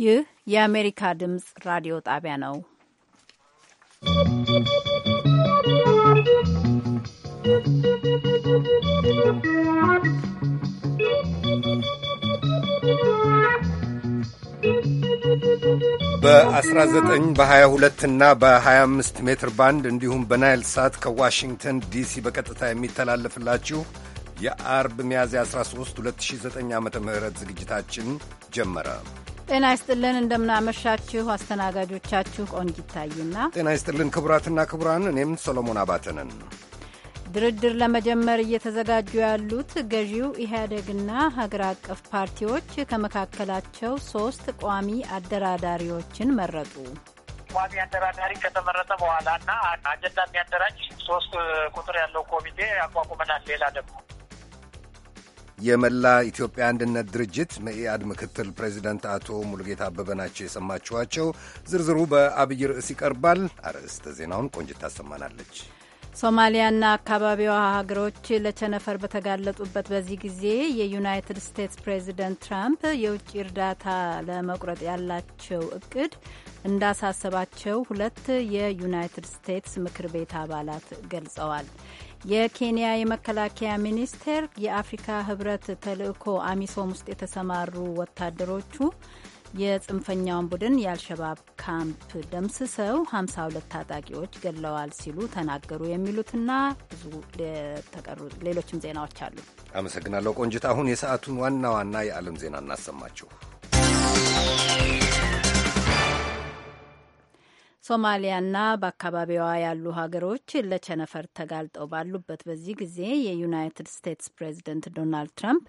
ይህ የአሜሪካ ድምፅ ራዲዮ ጣቢያ ነው። በ19 በ22 እና በ25 ሜትር ባንድ እንዲሁም በናይል ሳት ከዋሽንግተን ዲሲ በቀጥታ የሚተላለፍላችሁ የአርብ ሚያዝያ 13 2009 ዓ ም ዝግጅታችን ጀመረ። ጤና ይስጥልን እንደምናመሻችሁ። አስተናጋጆቻችሁ ቆንጅ ይታይና ጤና ይስጥልን ክቡራትና ክቡራን፣ እኔም ሶሎሞን አባተንን ድርድር ለመጀመር እየተዘጋጁ ያሉት ገዢው ኢህአዴግና ሀገር አቀፍ ፓርቲዎች ከመካከላቸው ሶስት ቋሚ አደራዳሪዎችን መረጡ። ቋሚ አደራዳሪ ከተመረጠ በኋላ እና አጀንዳ የሚያደራጅ ሶስት ቁጥር ያለው ኮሚቴ አቋቁመናል። ሌላ ደግሞ የመላ ኢትዮጵያ አንድነት ድርጅት መኢአድ ምክትል ፕሬዚደንት አቶ ሙሉጌታ አበበ ናቸው የሰማችኋቸው። ዝርዝሩ በአብይ ርዕስ ይቀርባል። አርዕስተ ዜናውን ቆንጅት ታሰማናለች። ሶማሊያና አካባቢዋ ሀገሮች ለቸነፈር በተጋለጡበት በዚህ ጊዜ የዩናይትድ ስቴትስ ፕሬዚደንት ትራምፕ የውጭ እርዳታ ለመቁረጥ ያላቸው እቅድ እንዳሳሰባቸው ሁለት የዩናይትድ ስቴትስ ምክር ቤት አባላት ገልጸዋል። የኬንያ የመከላከያ ሚኒስቴር የአፍሪካ ህብረት ተልእኮ አሚሶም ውስጥ የተሰማሩ ወታደሮቹ የጽንፈኛውን ቡድን የአልሸባብ ካምፕ ደምስሰው 52 ታጣቂዎች ገድለዋል ሲሉ ተናገሩ። የሚሉትና ብዙ ተቀሩ ሌሎችም ዜናዎች አሉ። አመሰግናለሁ ቆንጅት። አሁን የሰዓቱን ዋና ዋና የዓለም ዜና እናሰማችሁ። ሶማሊያና በአካባቢዋ ያሉ ሀገሮች ለቸነፈር ተጋልጠው ባሉበት በዚህ ጊዜ የዩናይትድ ስቴትስ ፕሬዚደንት ዶናልድ ትራምፕ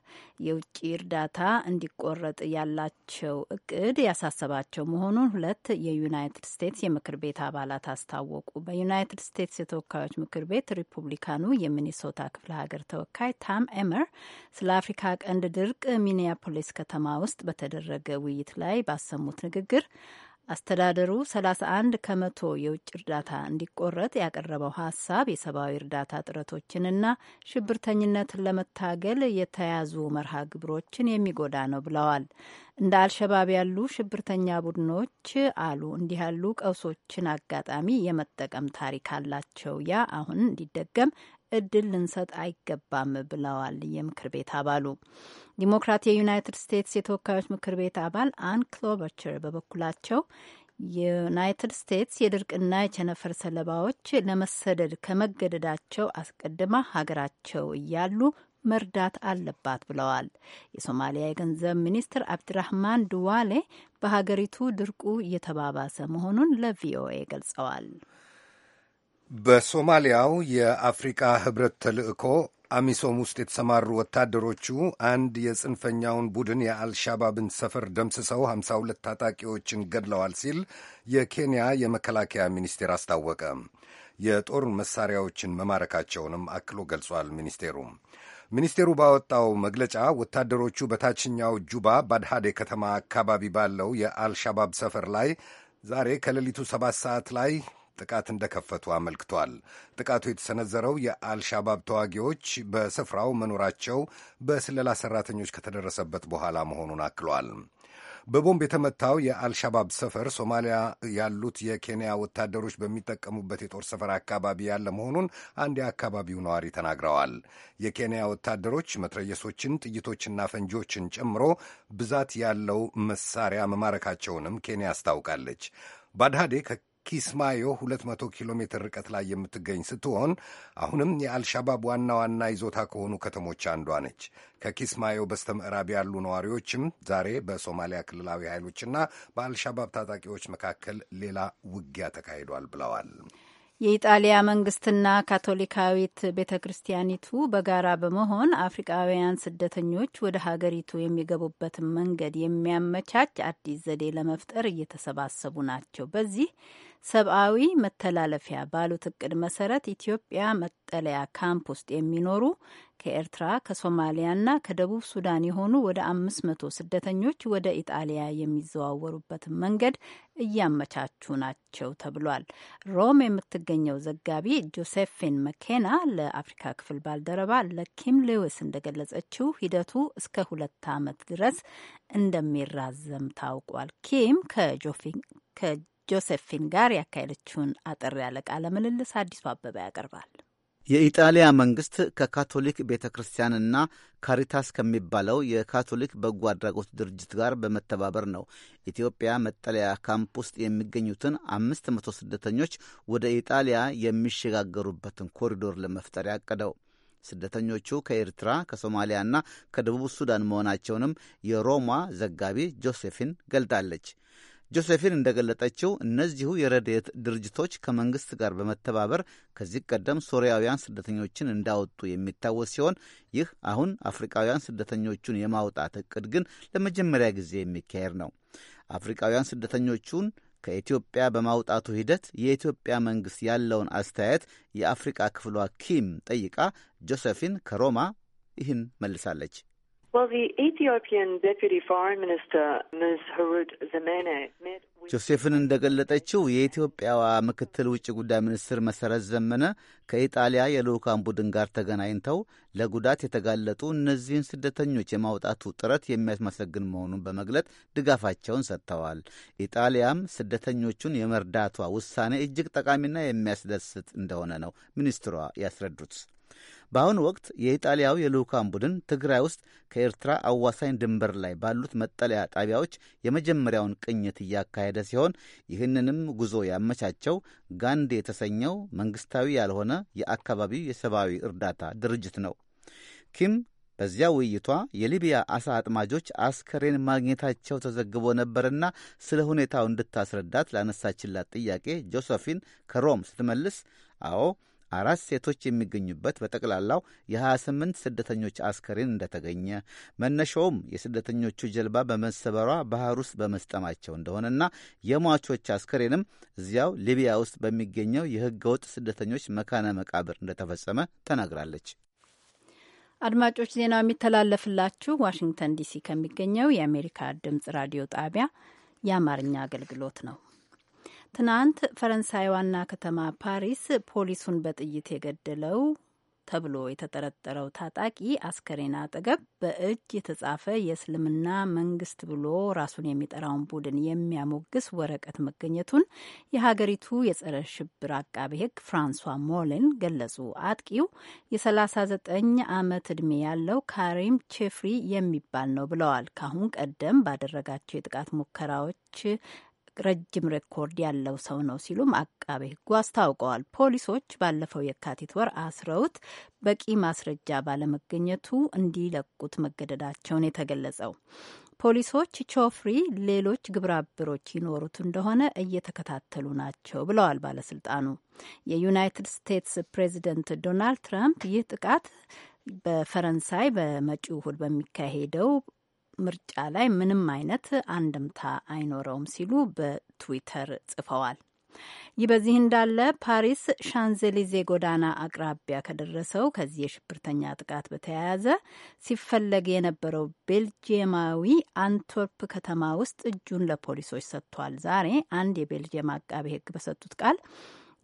የውጭ እርዳታ እንዲቆረጥ ያላቸው እቅድ ያሳሰባቸው መሆኑን ሁለት የዩናይትድ ስቴትስ የምክር ቤት አባላት አስታወቁ። በዩናይትድ ስቴትስ የተወካዮች ምክር ቤት ሪፑብሊካኑ የሚኒሶታ ክፍለ ሀገር ተወካይ ታም ኤመር ስለ አፍሪካ ቀንድ ድርቅ ሚኒያፖሊስ ከተማ ውስጥ በተደረገ ውይይት ላይ ባሰሙት ንግግር አስተዳደሩ 31 ከመቶ የውጭ እርዳታ እንዲቆረጥ ያቀረበው ሀሳብ የሰብአዊ እርዳታ ጥረቶችንና ሽብርተኝነትን ለመታገል የተያዙ መርሃ ግብሮችን የሚጎዳ ነው ብለዋል። እንደ አልሸባብ ያሉ ሽብርተኛ ቡድኖች አሉ እንዲህ ያሉ ቀውሶችን አጋጣሚ የመጠቀም ታሪክ አላቸው። ያ አሁን እንዲደገም እድል ልንሰጥ አይገባም ብለዋል የምክር ቤት አባሉ። ዲሞክራት የዩናይትድ ስቴትስ የተወካዮች ምክር ቤት አባል አን ክሎበቸር በበኩላቸው የዩናይትድ ስቴትስ የድርቅና የቸነፈር ሰለባዎች ለመሰደድ ከመገደዳቸው አስቀድማ ሀገራቸው እያሉ መርዳት አለባት ብለዋል። የሶማሊያ የገንዘብ ሚኒስትር አብድራህማን ድዋሌ በሀገሪቱ ድርቁ እየተባባሰ መሆኑን ለቪኦኤ ገልጸዋል። በሶማሊያው የአፍሪቃ ህብረት ተልዕኮ አሚሶም ውስጥ የተሰማሩ ወታደሮቹ አንድ የጽንፈኛውን ቡድን የአልሻባብን ሰፈር ደምስሰው 52 ታጣቂዎችን ገድለዋል ሲል የኬንያ የመከላከያ ሚኒስቴር አስታወቀ። የጦር መሳሪያዎችን መማረካቸውንም አክሎ ገልጿል። ሚኒስቴሩም ሚኒስቴሩ ባወጣው መግለጫ ወታደሮቹ በታችኛው ጁባ ባድሃዴ ከተማ አካባቢ ባለው የአልሻባብ ሰፈር ላይ ዛሬ ከሌሊቱ ሰባት ሰዓት ላይ ጥቃት እንደከፈቱ አመልክቷል። ጥቃቱ የተሰነዘረው የአልሻባብ ተዋጊዎች በስፍራው መኖራቸው በስለላ ሰራተኞች ከተደረሰበት በኋላ መሆኑን አክሏል። በቦምብ የተመታው የአልሻባብ ሰፈር ሶማሊያ ያሉት የኬንያ ወታደሮች በሚጠቀሙበት የጦር ሰፈር አካባቢ ያለ መሆኑን አንድ የአካባቢው ነዋሪ ተናግረዋል። የኬንያ ወታደሮች መትረየሶችን፣ ጥይቶችና ፈንጂዎችን ጨምሮ ብዛት ያለው መሳሪያ መማረካቸውንም ኬንያ አስታውቃለች። ባድሃዴ ኪስማዮ 200 ኪሎ ሜትር ርቀት ላይ የምትገኝ ስትሆን አሁንም የአልሻባብ ዋና ዋና ይዞታ ከሆኑ ከተሞች አንዷ ነች። ከኪስማዮ በስተ ምዕራብ ያሉ ነዋሪዎችም ዛሬ በሶማሊያ ክልላዊ ኃይሎችና በአልሻባብ ታጣቂዎች መካከል ሌላ ውጊያ ተካሂዷል ብለዋል። የኢጣሊያ መንግስትና ካቶሊካዊት ቤተ ክርስቲያኒቱ በጋራ በመሆን አፍሪቃውያን ስደተኞች ወደ ሀገሪቱ የሚገቡበትን መንገድ የሚያመቻች አዲስ ዘዴ ለመፍጠር እየተሰባሰቡ ናቸው። በዚህ ሰብአዊ መተላለፊያ ባሉት እቅድ መሰረት ኢትዮጵያ መጠለያ ካምፕ ውስጥ የሚኖሩ ከኤርትራ ከሶማሊያና ከደቡብ ሱዳን የሆኑ ወደ አምስት መቶ ስደተኞች ወደ ኢጣሊያ የሚዘዋወሩበትን መንገድ እያመቻቹ ናቸው ተብሏል። ሮም የምትገኘው ዘጋቢ ጆሴፊን መኬና ለአፍሪካ ክፍል ባልደረባ ለኪም ሌዊስ እንደገለጸችው ሂደቱ እስከ ሁለት ዓመት ድረስ እንደሚራዘም ታውቋል። ኪም ከጆፊን ጆሴፊን ጋር ያካሄደችውን አጠር ያለ ቃለ ምልልስ አዲሱ አበባ ያቀርባል። የኢጣሊያ መንግስት ከካቶሊክ ቤተ ክርስቲያንና ካሪታስ ከሚባለው የካቶሊክ በጎ አድራጎት ድርጅት ጋር በመተባበር ነው ኢትዮጵያ መጠለያ ካምፕ ውስጥ የሚገኙትን አምስት መቶ ስደተኞች ወደ ኢጣሊያ የሚሸጋገሩበትን ኮሪዶር ለመፍጠር ያቀደው። ስደተኞቹ ከኤርትራ ከሶማሊያና ከደቡብ ሱዳን መሆናቸውንም የሮማ ዘጋቢ ጆሴፊን ገልጣለች። ጆሴፊን እንደገለጠችው እነዚሁ የረድኤት ድርጅቶች ከመንግሥት ጋር በመተባበር ከዚህ ቀደም ሶሪያውያን ስደተኞችን እንዳወጡ የሚታወስ ሲሆን ይህ አሁን አፍሪካውያን ስደተኞቹን የማውጣት እቅድ ግን ለመጀመሪያ ጊዜ የሚካሄድ ነው። አፍሪካውያን ስደተኞቹን ከኢትዮጵያ በማውጣቱ ሂደት የኢትዮጵያ መንግሥት ያለውን አስተያየት የአፍሪቃ ክፍሏ ኪም ጠይቃ ጆሴፊን ከሮማ ይህን መልሳለች። ጆሴፍን እንደገለጠችው የኢትዮጵያዋ ምክትል ውጭ ጉዳይ ሚኒስትር መሠረት ዘመነ ከኢጣሊያ የልዑካን ቡድን ጋር ተገናኝተው ለጉዳት የተጋለጡ እነዚህን ስደተኞች የማውጣቱ ጥረት የሚያስመሰግን መሆኑን በመግለጥ ድጋፋቸውን ሰጥተዋል። ኢጣሊያም ስደተኞቹን የመርዳቷ ውሳኔ እጅግ ጠቃሚና የሚያስደስት እንደሆነ ነው ሚኒስትሯ ያስረዱት። በአሁኑ ወቅት የኢጣሊያው የልዑካን ቡድን ትግራይ ውስጥ ከኤርትራ አዋሳኝ ድንበር ላይ ባሉት መጠለያ ጣቢያዎች የመጀመሪያውን ቅኝት እያካሄደ ሲሆን ይህንንም ጉዞ ያመቻቸው ጋንድ የተሰኘው መንግስታዊ ያልሆነ የአካባቢው የሰብአዊ እርዳታ ድርጅት ነው። ኪም በዚያ ውይይቷ የሊቢያ አሳ አጥማጆች አስከሬን ማግኘታቸው ተዘግቦ ነበርና ስለ ሁኔታው እንድታስረዳት ላነሳችላት ጥያቄ ጆሴፊን ከሮም ስትመልስ አዎ አራት ሴቶች የሚገኙበት በጠቅላላው የ28 ስደተኞች አስከሬን እንደተገኘ መነሻውም የስደተኞቹ ጀልባ በመሰበሯ ባህር ውስጥ በመስጠማቸው እንደሆነና የሟቾች አስከሬንም እዚያው ሊቢያ ውስጥ በሚገኘው ወጥ ስደተኞች መካነ መቃብር እንደተፈጸመ ተናግራለች። አድማጮች ዜናው የሚተላለፍላችሁ ዋሽንግተን ዲሲ ከሚገኘው የአሜሪካ ድምጽ ራዲዮ ጣቢያ የአማርኛ አገልግሎት ነው። ትናንት ፈረንሳይ ዋና ከተማ ፓሪስ ፖሊሱን በጥይት የገደለው ተብሎ የተጠረጠረው ታጣቂ አስከሬን አጠገብ በእጅ የተጻፈ የእስልምና መንግስት ብሎ ራሱን የሚጠራውን ቡድን የሚያሞግስ ወረቀት መገኘቱን የሀገሪቱ የጸረ ሽብር አቃቤ ሕግ ፍራንሷ ሞሌን ገለጹ። አጥቂው የ39 ዓመት ዕድሜ ያለው ካሪም ቼፍሪ የሚባል ነው ብለዋል። ካሁን ቀደም ባደረጋቸው የጥቃት ሙከራዎች ረጅም ሬኮርድ ያለው ሰው ነው ሲሉም አቃቤ ሕጉ አስታውቀዋል። ፖሊሶች ባለፈው የካቲት ወር አስረውት በቂ ማስረጃ ባለመገኘቱ እንዲለቁት መገደዳቸውን የተገለጸው ፖሊሶች ቾፍሪ ሌሎች ግብረአበሮች ይኖሩት እንደሆነ እየተከታተሉ ናቸው ብለዋል ባለስልጣኑ። የዩናይትድ ስቴትስ ፕሬዚደንት ዶናልድ ትራምፕ ይህ ጥቃት በፈረንሳይ በመጪው እሁድ በሚካሄደው ምርጫ ላይ ምንም አይነት አንድምታ አይኖረውም ሲሉ በትዊተር ጽፈዋል። ይህ በዚህ እንዳለ ፓሪስ ሻንዘሊዜ ጎዳና አቅራቢያ ከደረሰው ከዚህ የሽብርተኛ ጥቃት በተያያዘ ሲፈለግ የነበረው ቤልጅየማዊ አንትወርፕ ከተማ ውስጥ እጁን ለፖሊሶች ሰጥቷል። ዛሬ አንድ የቤልጅየም አቃቤ ሕግ በሰጡት ቃል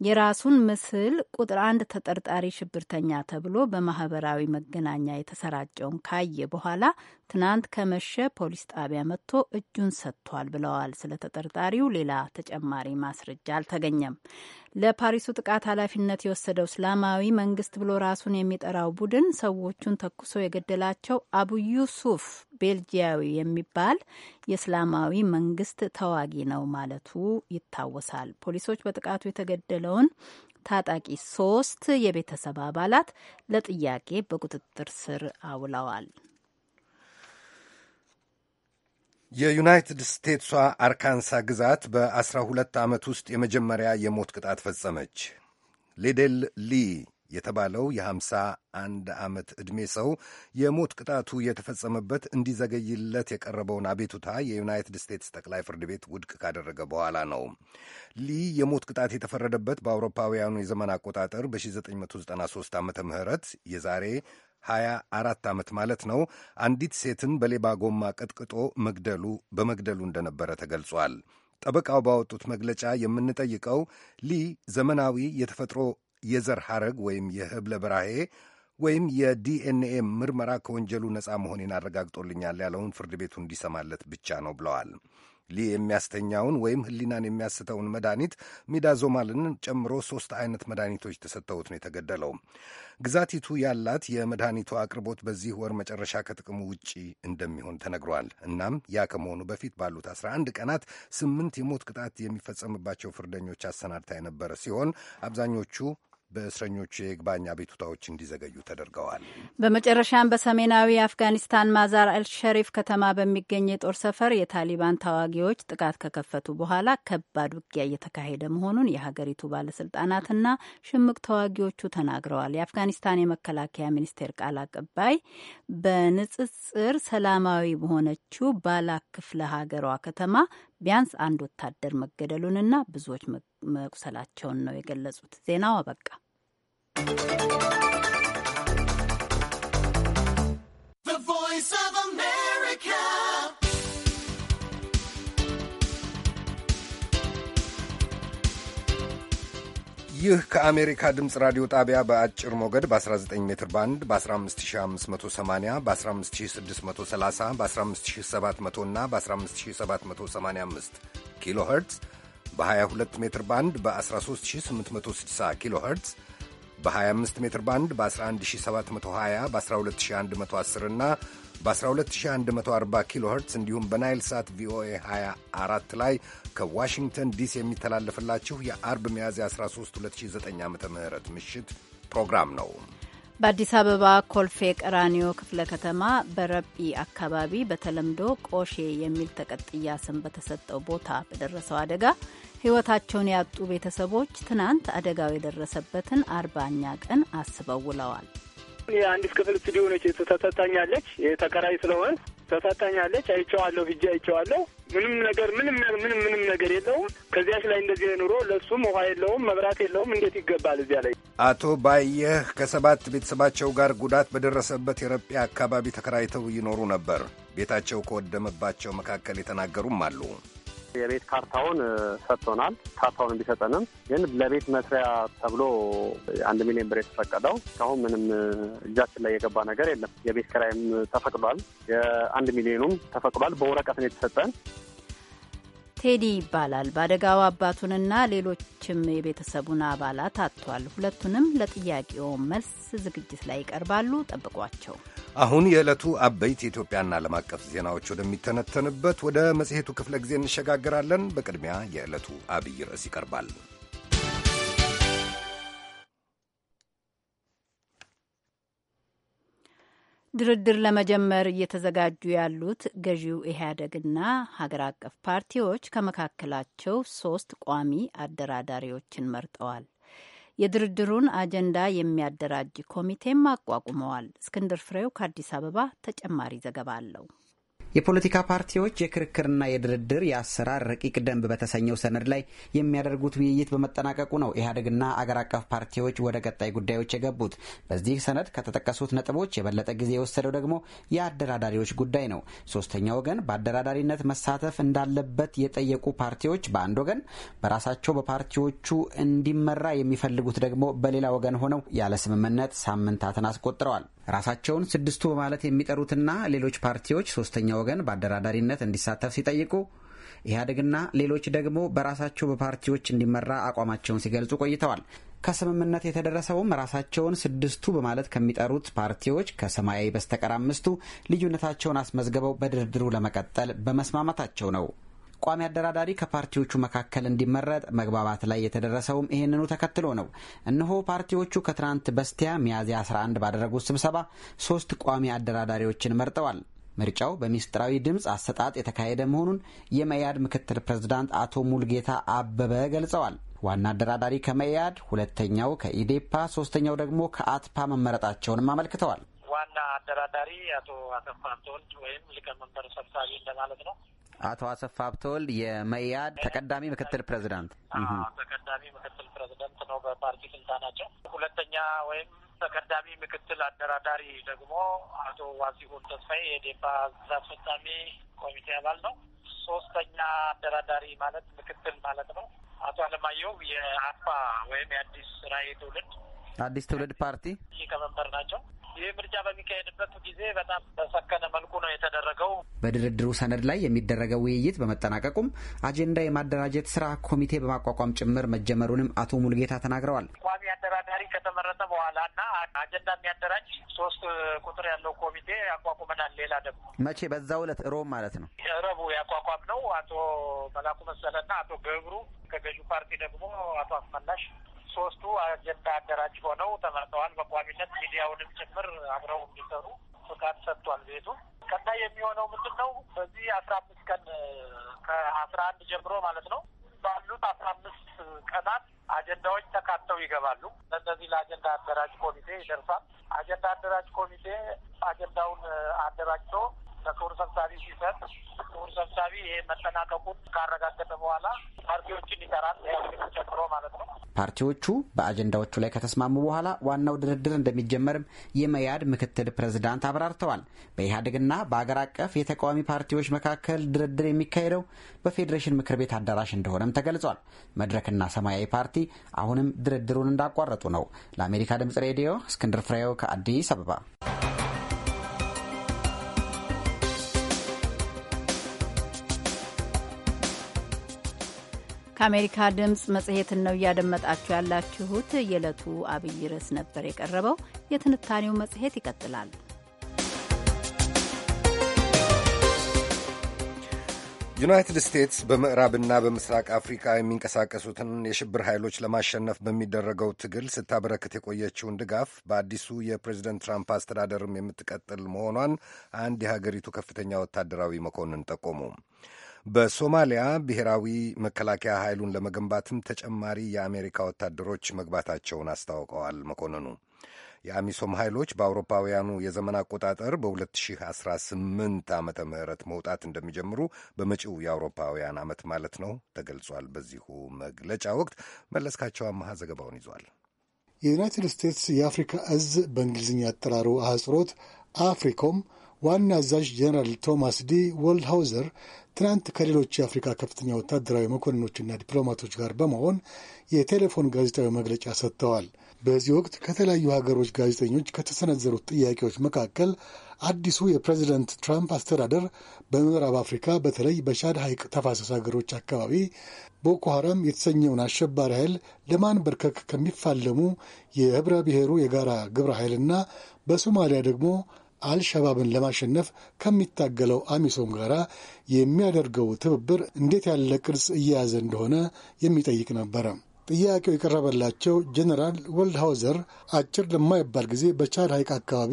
የራሱን ምስል ቁጥር አንድ ተጠርጣሪ ሽብርተኛ ተብሎ በማህበራዊ መገናኛ የተሰራጨውን ካየ በኋላ ትናንት ከመሸ ፖሊስ ጣቢያ መጥቶ እጁን ሰጥቷል ብለዋል። ስለ ተጠርጣሪው ሌላ ተጨማሪ ማስረጃ አልተገኘም። ለፓሪሱ ጥቃት ኃላፊነት የወሰደው እስላማዊ መንግስት ብሎ ራሱን የሚጠራው ቡድን ሰዎቹን ተኩሶ የገደላቸው አቡ ዩሱፍ ቤልጂያዊ የሚባል የእስላማዊ መንግስት ተዋጊ ነው ማለቱ ይታወሳል። ፖሊሶች በጥቃቱ የተገደለውን ታጣቂ ሶስት የቤተሰብ አባላት ለጥያቄ በቁጥጥር ስር አውለዋል። የዩናይትድ ስቴትሷ አርካንሳ ግዛት በአስራ ሁለት ዓመት ውስጥ የመጀመሪያ የሞት ቅጣት ፈጸመች። ሌዴል ሊ የተባለው የሃምሳ አንድ ዓመት ዕድሜ ሰው የሞት ቅጣቱ የተፈጸመበት እንዲዘገይለት የቀረበውን አቤቱታ የዩናይትድ ስቴትስ ጠቅላይ ፍርድ ቤት ውድቅ ካደረገ በኋላ ነው። ሊ የሞት ቅጣት የተፈረደበት በአውሮፓውያኑ የዘመን አቆጣጠር በ1993 ዓመተ ም የዛሬ ሀያ አራት ዓመት ማለት ነው አንዲት ሴትን በሌባ ጎማ ቀጥቅጦ መግደሉ በመግደሉ እንደነበረ ተገልጿል። ጠበቃው ባወጡት መግለጫ የምንጠይቀው ሊ ዘመናዊ የተፈጥሮ የዘር ሐረግ ወይም የህብለ በራሄ ወይም የዲኤንኤ ምርመራ ከወንጀሉ ነፃ መሆኔን አረጋግጦልኛል ያለውን ፍርድ ቤቱ እንዲሰማለት ብቻ ነው ብለዋል። የሚያስተኛውን ወይም ህሊናን የሚያስተውን መድኃኒት ሚዳዞማልን ጨምሮ ሶስት አይነት መድኃኒቶች ተሰጥተውት ነው የተገደለው። ግዛቲቱ ያላት የመድኃኒቱ አቅርቦት በዚህ ወር መጨረሻ ከጥቅሙ ውጪ እንደሚሆን ተነግሯል። እናም ያ ከመሆኑ በፊት ባሉት 11 ቀናት ስምንት የሞት ቅጣት የሚፈጸምባቸው ፍርደኞች አሰናድታ የነበረ ሲሆን አብዛኞቹ በእስረኞቹ የይግባኝ አቤቱታዎች እንዲዘገዩ ተደርገዋል። በመጨረሻም በሰሜናዊ አፍጋኒስታን ማዛር አልሸሪፍ ከተማ በሚገኝ የጦር ሰፈር የታሊባን ታዋጊዎች ጥቃት ከከፈቱ በኋላ ከባድ ውጊያ እየተካሄደ መሆኑን የሀገሪቱ ባለስልጣናትና ሽምቅ ተዋጊዎቹ ተናግረዋል። የአፍጋኒስታን የመከላከያ ሚኒስቴር ቃል አቀባይ በንጽጽር ሰላማዊ በሆነችው ባላክ ክፍለ ሀገሯ ከተማ ቢያንስ አንድ ወታደር መገደሉንና ብዙዎች መቁሰላቸውን ነው የገለጹት። ዜናው አበቃ። ይህ ከአሜሪካ ድምፅ ራዲዮ ጣቢያ በአጭር ሞገድ በ19 ሜትር ባንድ በ15580 በ15630 በ15700 እና በ15785 ኪሎ ኸርትዝ በ22 ሜትር ባንድ በ13860 ኪሎ ኸርትዝ በ25 ሜትር ባንድ በ11720 በ12110 እና በ12140 ኪሎ ሄርትስ እንዲሁም በናይል ሳት ቪኦኤ 24 ላይ ከዋሽንግተን ዲሲ የሚተላለፍላችሁ የአርብ ሚያዝያ 13 2009 ዓ ም ምሽት ፕሮግራም ነው። በአዲስ አበባ ኮልፌ ቀራኒዮ ክፍለ ከተማ በረጲ አካባቢ በተለምዶ ቆሼ የሚል ተቀጥያ ስም በተሰጠው ቦታ በደረሰው አደጋ ሕይወታቸውን ያጡ ቤተሰቦች ትናንት አደጋው የደረሰበትን አርባኛ ቀን አስበው ውለዋል። አንዲት ክፍል ስቱዲዮ ነች ተሰታኛለች። ተከራይ ስለሆን ተሰታኛለች። አይቼዋለሁ፣ ሂጄ አይቼዋለሁ። ምንም ነገር ምንም ምንም ምንም ነገር የለውም። ከዚያች ላይ እንደዚህ ኑሮ ለሱም ውሃ የለውም፣ መብራት የለውም። እንዴት ይገባል? እዚያ ላይ አቶ ባየህ ከሰባት ቤተሰባቸው ጋር ጉዳት በደረሰበት የረጵያ አካባቢ ተከራይተው ይኖሩ ነበር። ቤታቸው ከወደመባቸው መካከል የተናገሩም አሉ። የቤት ካርታውን ሰጥቶናል። ካርታውን እንዲሰጠንም ግን ለቤት መስሪያ ተብሎ አንድ ሚሊዮን ብር የተፈቀደው እስካሁን ምንም እጃችን ላይ የገባ ነገር የለም። የቤት ክራይም ተፈቅዷል፣ የአንድ ሚሊዮኑም ተፈቅዷል። በወረቀት ነው የተሰጠን። ቴዲ ይባላል። በአደጋው አባቱንና ሌሎችም የቤተሰቡን አባላት አጥቷል። ሁለቱንም ለጥያቄው መልስ ዝግጅት ላይ ይቀርባሉ። ጠብቋቸው። አሁን የዕለቱ አበይት የኢትዮጵያና ዓለም አቀፍ ዜናዎች ወደሚተነተንበት ወደ መጽሔቱ ክፍለ ጊዜ እንሸጋግራለን። በቅድሚያ የዕለቱ አብይ ርዕስ ይቀርባል። ድርድር ለመጀመር እየተዘጋጁ ያሉት ገዢው ኢህአዴግና ሀገር አቀፍ ፓርቲዎች ከመካከላቸው ሶስት ቋሚ አደራዳሪዎችን መርጠዋል። የድርድሩን አጀንዳ የሚያደራጅ ኮሚቴም አቋቁመዋል። እስክንድር ፍሬው ከአዲስ አበባ ተጨማሪ ዘገባ አለው። የፖለቲካ ፓርቲዎች የክርክርና የድርድር የአሰራር ረቂቅ ደንብ በተሰኘው ሰነድ ላይ የሚያደርጉት ውይይት በመጠናቀቁ ነው ኢህአዴግና አገር አቀፍ ፓርቲዎች ወደ ቀጣይ ጉዳዮች የገቡት። በዚህ ሰነድ ከተጠቀሱት ነጥቦች የበለጠ ጊዜ የወሰደው ደግሞ የአደራዳሪዎች ጉዳይ ነው። ሶስተኛ ወገን በአደራዳሪነት መሳተፍ እንዳለበት የጠየቁ ፓርቲዎች በአንድ ወገን፣ በራሳቸው በፓርቲዎቹ እንዲመራ የሚፈልጉት ደግሞ በሌላ ወገን ሆነው ያለ ስምምነት ሳምንታትን አስቆጥረዋል። ራሳቸውን ስድስቱ በማለት የሚጠሩትና ሌሎች ፓርቲዎች ሶስተኛ ወገን በአደራዳሪነት እንዲሳተፍ ሲጠይቁ ኢህአዴግና ሌሎች ደግሞ በራሳቸው በፓርቲዎች እንዲመራ አቋማቸውን ሲገልጹ ቆይተዋል። ከስምምነት የተደረሰውም ራሳቸውን ስድስቱ በማለት ከሚጠሩት ፓርቲዎች ከሰማያዊ በስተቀር አምስቱ ልዩነታቸውን አስመዝግበው በድርድሩ ለመቀጠል በመስማማታቸው ነው። ቋሚ አደራዳሪ ከፓርቲዎቹ መካከል እንዲመረጥ መግባባት ላይ የተደረሰውም ይህንኑ ተከትሎ ነው። እነሆ ፓርቲዎቹ ከትናንት በስቲያ ሚያዝያ 11 ባደረጉት ስብሰባ ሶስት ቋሚ አደራዳሪዎችን መርጠዋል። ምርጫው በሚስጥራዊ ድምፅ አሰጣጥ የተካሄደ መሆኑን የመያድ ምክትል ፕሬዝዳንት አቶ ሙልጌታ አበበ ገልጸዋል። ዋና አደራዳሪ ከመያድ፣ ሁለተኛው ከኢዴፓ፣ ሶስተኛው ደግሞ ከአትፓ መመረጣቸውንም አመልክተዋል። ዋና አደራዳሪ አቶ አሰፋ አንቶልድ ወይም ሊቀመንበር ሰብሳቢ እንደማለት ነው። አቶ አሰፋ ሀብተወልድ የመያድ ተቀዳሚ ምክትል ፕሬዚዳንት ተቀዳሚ ምክትል ፕሬዚዳንት ነው በፓርቲ ስልጣናቸው። ሁለተኛ ወይም ተቀዳሚ ምክትል አደራዳሪ ደግሞ አቶ ዋሲሁን ተስፋዬ የዴፓ ዛ አስፈጻሚ ኮሚቴ አባል ነው። ሶስተኛ አደራዳሪ ማለት ምክትል ማለት ነው አቶ አለማየሁ የአፋ ወይም የአዲስ ራዕይ ትውልድ አዲስ ትውልድ ፓርቲ ሊቀመንበር ናቸው። ይህ ምርጫ በሚካሄድበት ጊዜ በጣም በሰከነ መልኩ ነው የተደረገው። በድርድሩ ሰነድ ላይ የሚደረገው ውይይት በመጠናቀቁም አጀንዳ የማደራጀት ስራ ኮሚቴ በማቋቋም ጭምር መጀመሩንም አቶ ሙልጌታ ተናግረዋል። ቋሚ አደራዳሪ ከተመረጠ በኋላ እና አጀንዳ የሚያደራጅ ሶስት ቁጥር ያለው ኮሚቴ ያቋቁመናል። ሌላ ደግሞ መቼ? በዛው ዕለት ሮብ ማለት ነው። ረቡ ያቋቋም ነው አቶ መላኩ መሰለና አቶ ገብሩ ከገዢ ፓርቲ ደግሞ አቶ አስመላሽ ሶስቱ አጀንዳ አደራጅ ሆነው ተመርጠዋል። በቋሚነት ሚዲያውንም ጭምር አብረው እንዲሰሩ ፍቃድ ሰጥቷል ቤቱ። ቀጣይ የሚሆነው ምንድን ነው? በዚህ አስራ አምስት ቀን ከአስራ አንድ ጀምሮ ማለት ነው ባሉት አስራ አምስት ቀናት አጀንዳዎች ተካተው ይገባሉ። እነዚህ ለአጀንዳ አደራጅ ኮሚቴ ይደርሳል። አጀንዳ አደራጅ ኮሚቴ አጀንዳውን አደራጅቶ ለክቡር ሰብሳቢ ሲሰጥ ክቡር ሰብሳቢ ይሄ መጠናቀቁን ካረጋገጠ በኋላ ፓርቲዎችን ይጠራል ያግን ጨምሮ ማለት ነው። ፓርቲዎቹ በአጀንዳዎቹ ላይ ከተስማሙ በኋላ ዋናው ድርድር እንደሚጀመርም የመያድ ምክትል ፕሬዝዳንት አብራርተዋል። በኢህአዴግና በአገር አቀፍ የተቃዋሚ ፓርቲዎች መካከል ድርድር የሚካሄደው በፌዴሬሽን ምክር ቤት አዳራሽ እንደሆነም ተገልጿል። መድረክና ሰማያዊ ፓርቲ አሁንም ድርድሩን እንዳቋረጡ ነው። ለአሜሪካ ድምጽ ሬዲዮ እስክንድር ፍሬው ከአዲስ አበባ ከአሜሪካ ድምፅ መጽሔትን ነው እያደመጣችሁ ያላችሁት። የዕለቱ አብይ ርዕስ ነበር የቀረበው። የትንታኔው መጽሔት ይቀጥላል። ዩናይትድ ስቴትስ በምዕራብና በምስራቅ አፍሪካ የሚንቀሳቀሱትን የሽብር ኃይሎች ለማሸነፍ በሚደረገው ትግል ስታበረክት የቆየችውን ድጋፍ በአዲሱ የፕሬዚደንት ትራምፕ አስተዳደርም የምትቀጥል መሆኗን አንድ የሀገሪቱ ከፍተኛ ወታደራዊ መኮንን ጠቆሙ። በሶማሊያ ብሔራዊ መከላከያ ኃይሉን ለመገንባትም ተጨማሪ የአሜሪካ ወታደሮች መግባታቸውን አስታውቀዋል። መኮንኑ የአሚሶም ኃይሎች በአውሮፓውያኑ የዘመን አቆጣጠር በ2018 ዓመተ ምህረት መውጣት እንደሚጀምሩ በመጪው የአውሮፓውያን ዓመት ማለት ነው ተገልጿል። በዚሁ መግለጫ ወቅት መለስካቸው አመሃ ዘገባውን ይዟል። የዩናይትድ ስቴትስ የአፍሪካ እዝ በእንግሊዝኛ አጠራሩ አህጽሮት አፍሪኮም ዋና አዛዥ ጀኔራል ቶማስ ዲ ወልድሃውዘር ትናንት ከሌሎች የአፍሪካ ከፍተኛ ወታደራዊ መኮንኖችና ዲፕሎማቶች ጋር በመሆን የቴሌፎን ጋዜጣዊ መግለጫ ሰጥተዋል። በዚህ ወቅት ከተለያዩ ሀገሮች ጋዜጠኞች ከተሰነዘሩት ጥያቄዎች መካከል አዲሱ የፕሬዚደንት ትራምፕ አስተዳደር በምዕራብ አፍሪካ በተለይ በሻድ ሐይቅ ተፋሰስ ሀገሮች አካባቢ ቦኮ ሐራም የተሰኘውን አሸባሪ ኃይል ለማንበርከክ ከሚፋለሙ የህብረ ብሔሩ የጋራ ግብረ ኃይልና በሶማሊያ ደግሞ አልሸባብን ለማሸነፍ ከሚታገለው አሚሶም ጋር የሚያደርገው ትብብር እንዴት ያለ ቅርጽ እየያዘ እንደሆነ የሚጠይቅ ነበረ። ጥያቄው የቀረበላቸው ጄኔራል ወልድሃውዘር አጭር ለማይባል ጊዜ በቻድ ሐይቅ አካባቢ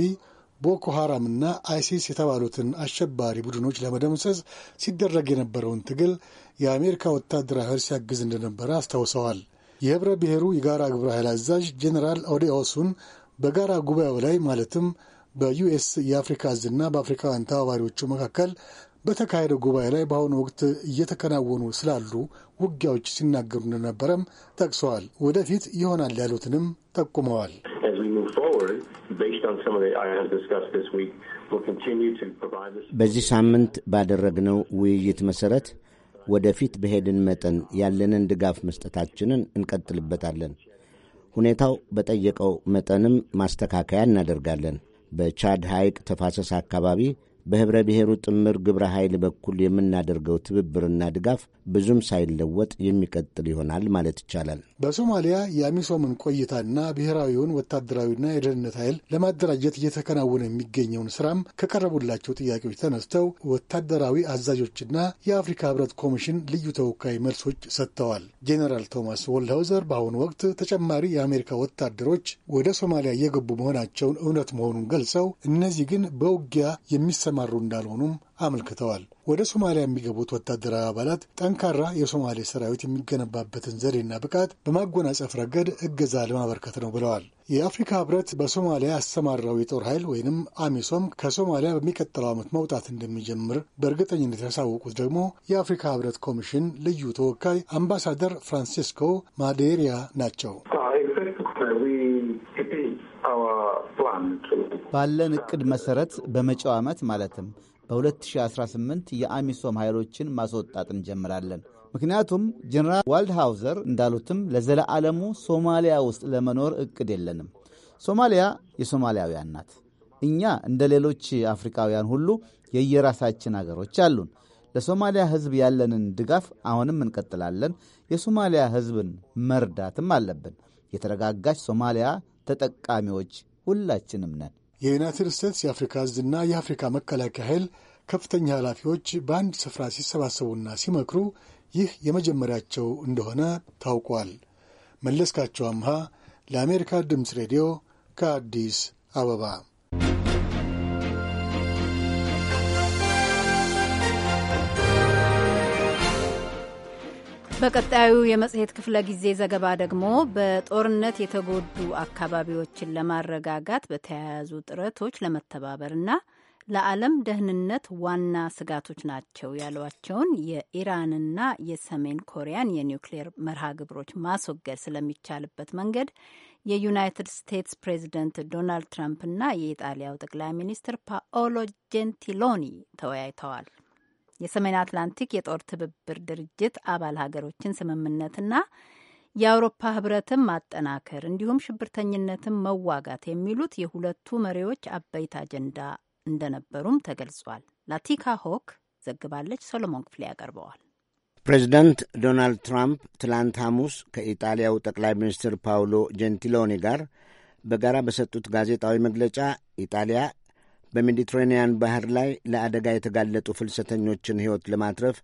ቦኮ ሐራምና አይሲስ የተባሉትን አሸባሪ ቡድኖች ለመደምሰስ ሲደረግ የነበረውን ትግል የአሜሪካ ወታደራዊ ኃይል ሲያግዝ እንደነበረ አስታውሰዋል። የህብረ ብሔሩ የጋራ ግብረ ኃይል አዛዥ ጄኔራል ኦዴኦሱን በጋራ ጉባኤው ላይ ማለትም በዩኤስ የአፍሪካ እዝና በአፍሪካውያን ተባባሪዎቹ መካከል በተካሄደው ጉባኤ ላይ በአሁኑ ወቅት እየተከናወኑ ስላሉ ውጊያዎች ሲናገሩ እንደነበረም ጠቅሰዋል። ወደፊት ይሆናል ያሉትንም ጠቁመዋል። በዚህ ሳምንት ባደረግነው ውይይት መሠረት ወደፊት በሄድን መጠን ያለንን ድጋፍ መስጠታችንን እንቀጥልበታለን። ሁኔታው በጠየቀው መጠንም ማስተካከያ እናደርጋለን። በቻድ ሐይቅ ተፋሰስ አካባቢ በኅብረ ብሔሩ ጥምር ግብረ ኃይል በኩል የምናደርገው ትብብርና ድጋፍ ብዙም ሳይለወጥ የሚቀጥል ይሆናል ማለት ይቻላል። በሶማሊያ የአሚሶምን ቆይታና ብሔራዊውን ወታደራዊና የደህንነት ኃይል ለማደራጀት እየተከናወነ የሚገኘውን ስራም ከቀረቡላቸው ጥያቄዎች ተነስተው ወታደራዊ አዛዦችና የአፍሪካ ህብረት ኮሚሽን ልዩ ተወካይ መልሶች ሰጥተዋል። ጄኔራል ቶማስ ወልሃውዘር በአሁኑ ወቅት ተጨማሪ የአሜሪካ ወታደሮች ወደ ሶማሊያ እየገቡ መሆናቸውን እውነት መሆኑን ገልጸው እነዚህ ግን በውጊያ የሚሰ የተሰማሩ እንዳልሆኑም አመልክተዋል። ወደ ሶማሊያ የሚገቡት ወታደራዊ አባላት ጠንካራ የሶማሌ ሰራዊት የሚገነባበትን ዘዴና ብቃት በማጎናጸፍ ረገድ እገዛ ለማበርከት ነው ብለዋል። የአፍሪካ ህብረት በሶማሊያ ያሰማራው የጦር ኃይል ወይንም አሚሶም ከሶማሊያ በሚቀጥለው ዓመት መውጣት እንደሚጀምር በእርግጠኝነት ያሳወቁት ደግሞ የአፍሪካ ህብረት ኮሚሽን ልዩ ተወካይ አምባሳደር ፍራንሲስኮ ማዴሪያ ናቸው። ባለን እቅድ መሰረት በመጪው ዓመት ማለትም በ2018 የአሚሶም ኃይሎችን ማስወጣት እንጀምራለን። ምክንያቱም ጀኔራል ዋልድሃውዘር እንዳሉትም ለዘለዓለሙ ሶማሊያ ውስጥ ለመኖር እቅድ የለንም። ሶማሊያ የሶማሊያውያን ናት። እኛ እንደ ሌሎች አፍሪካውያን ሁሉ የየራሳችን አገሮች አሉን። ለሶማሊያ ሕዝብ ያለንን ድጋፍ አሁንም እንቀጥላለን። የሶማሊያ ሕዝብን መርዳትም አለብን። የተረጋጋች ሶማሊያ ተጠቃሚዎች ሁላችንም ነን። የዩናይትድ ስቴትስ የአፍሪካ እዝና የአፍሪካ መከላከያ ኃይል ከፍተኛ ኃላፊዎች በአንድ ስፍራ ሲሰባሰቡና ሲመክሩ ይህ የመጀመሪያቸው እንደሆነ ታውቋል። መለስካቸው አምሃ ለአሜሪካ ድምፅ ሬዲዮ ከአዲስ አበባ በቀጣዩ የመጽሔት ክፍለ ጊዜ ዘገባ ደግሞ በጦርነት የተጎዱ አካባቢዎችን ለማረጋጋት በተያያዙ ጥረቶች ለመተባበርና ለዓለም ደህንነት ዋና ስጋቶች ናቸው ያሏቸውን የኢራንና የሰሜን ኮሪያን የኒውክሌር መርሃ ግብሮች ማስወገድ ስለሚቻልበት መንገድ የዩናይትድ ስቴትስ ፕሬዚደንት ዶናልድ ትራምፕና የኢጣሊያው ጠቅላይ ሚኒስትር ፓኦሎ ጀንቲሎኒ ተወያይተዋል። የሰሜን አትላንቲክ የጦር ትብብር ድርጅት አባል ሀገሮችን ስምምነትና የአውሮፓ ህብረትን ማጠናከር እንዲሁም ሽብርተኝነትን መዋጋት የሚሉት የሁለቱ መሪዎች አበይት አጀንዳ እንደነበሩም ተገልጿል። ላቲካ ሆክ ዘግባለች። ሶሎሞን ክፍሌ ያቀርበዋል። ፕሬዚዳንት ዶናልድ ትራምፕ ትላንት ሐሙስ ከኢጣሊያው ጠቅላይ ሚኒስትር ፓውሎ ጀንቲሎኒ ጋር በጋራ በሰጡት ጋዜጣዊ መግለጫ ኢጣሊያ በሜዲትሬንያን ባህር ላይ ለአደጋ የተጋለጡ ፍልሰተኞችን ሕይወት ለማትረፍ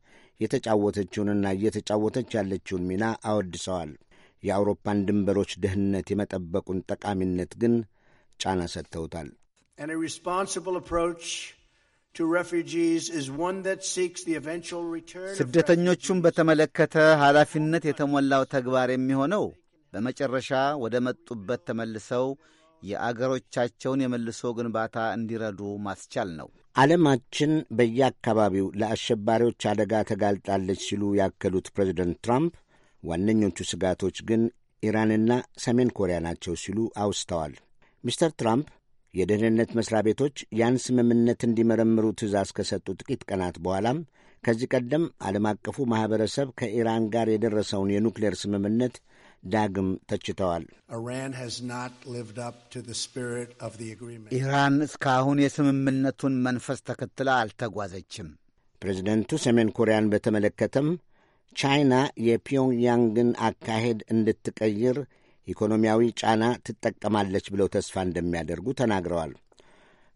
የተጫወተችውንና እየተጫወተች ያለችውን ሚና አወድሰዋል። የአውሮፓን ድንበሮች ደህንነት የመጠበቁን ጠቃሚነት ግን ጫና ሰጥተውታል። ስደተኞቹን በተመለከተ ኃላፊነት የተሞላው ተግባር የሚሆነው በመጨረሻ ወደ መጡበት ተመልሰው የአገሮቻቸውን የመልሶ ግንባታ እንዲረዱ ማስቻል ነው። ዓለማችን በየአካባቢው ለአሸባሪዎች አደጋ ተጋልጣለች ሲሉ ያከሉት ፕሬዚደንት ትራምፕ ዋነኞቹ ስጋቶች ግን ኢራንና ሰሜን ኮሪያ ናቸው ሲሉ አውስተዋል። ሚስተር ትራምፕ የደህንነት መስሪያ ቤቶች ያን ስምምነት እንዲመረምሩ ትዕዛዝ ከሰጡ ጥቂት ቀናት በኋላም ከዚህ ቀደም ዓለም አቀፉ ማኅበረሰብ ከኢራን ጋር የደረሰውን የኑክሌር ስምምነት ዳግም ተችተዋል። ኢራን እስካሁን የስምምነቱን መንፈስ ተከትላ አልተጓዘችም። ፕሬዚደንቱ ሰሜን ኮሪያን በተመለከተም ቻይና የፒዮንግያንግን አካሄድ እንድትቀይር ኢኮኖሚያዊ ጫና ትጠቀማለች ብለው ተስፋ እንደሚያደርጉ ተናግረዋል።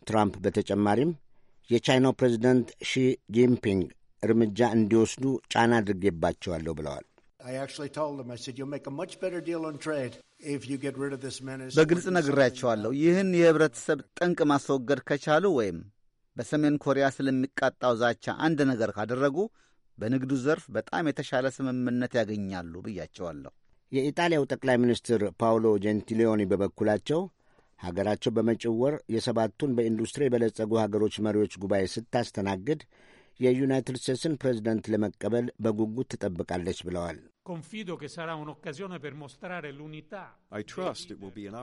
ትራምፕ በተጨማሪም የቻይናው ፕሬዚደንት ሺ ጂንፒንግ እርምጃ እንዲወስዱ ጫና አድርጌባቸዋለሁ ብለዋል። በግልጽ ነግሬያቸዋለሁ። ይህን የህብረተሰብ ጠንቅ ማስወገድ ከቻሉ ወይም በሰሜን ኮሪያ ስለሚቃጣው ዛቻ አንድ ነገር ካደረጉ በንግዱ ዘርፍ በጣም የተሻለ ስምምነት ያገኛሉ ብያቸዋለሁ። የኢጣሊያው ጠቅላይ ሚኒስትር ፓውሎ ጀንቲሊዮኒ በበኩላቸው ሀገራቸው በመጪው ወር የሰባቱን በኢንዱስትሪ የበለጸጉ ሀገሮች መሪዎች ጉባኤ ስታስተናግድ የዩናይትድ ስቴትስን ፕሬዝደንት ለመቀበል በጉጉት ትጠብቃለች ብለዋል።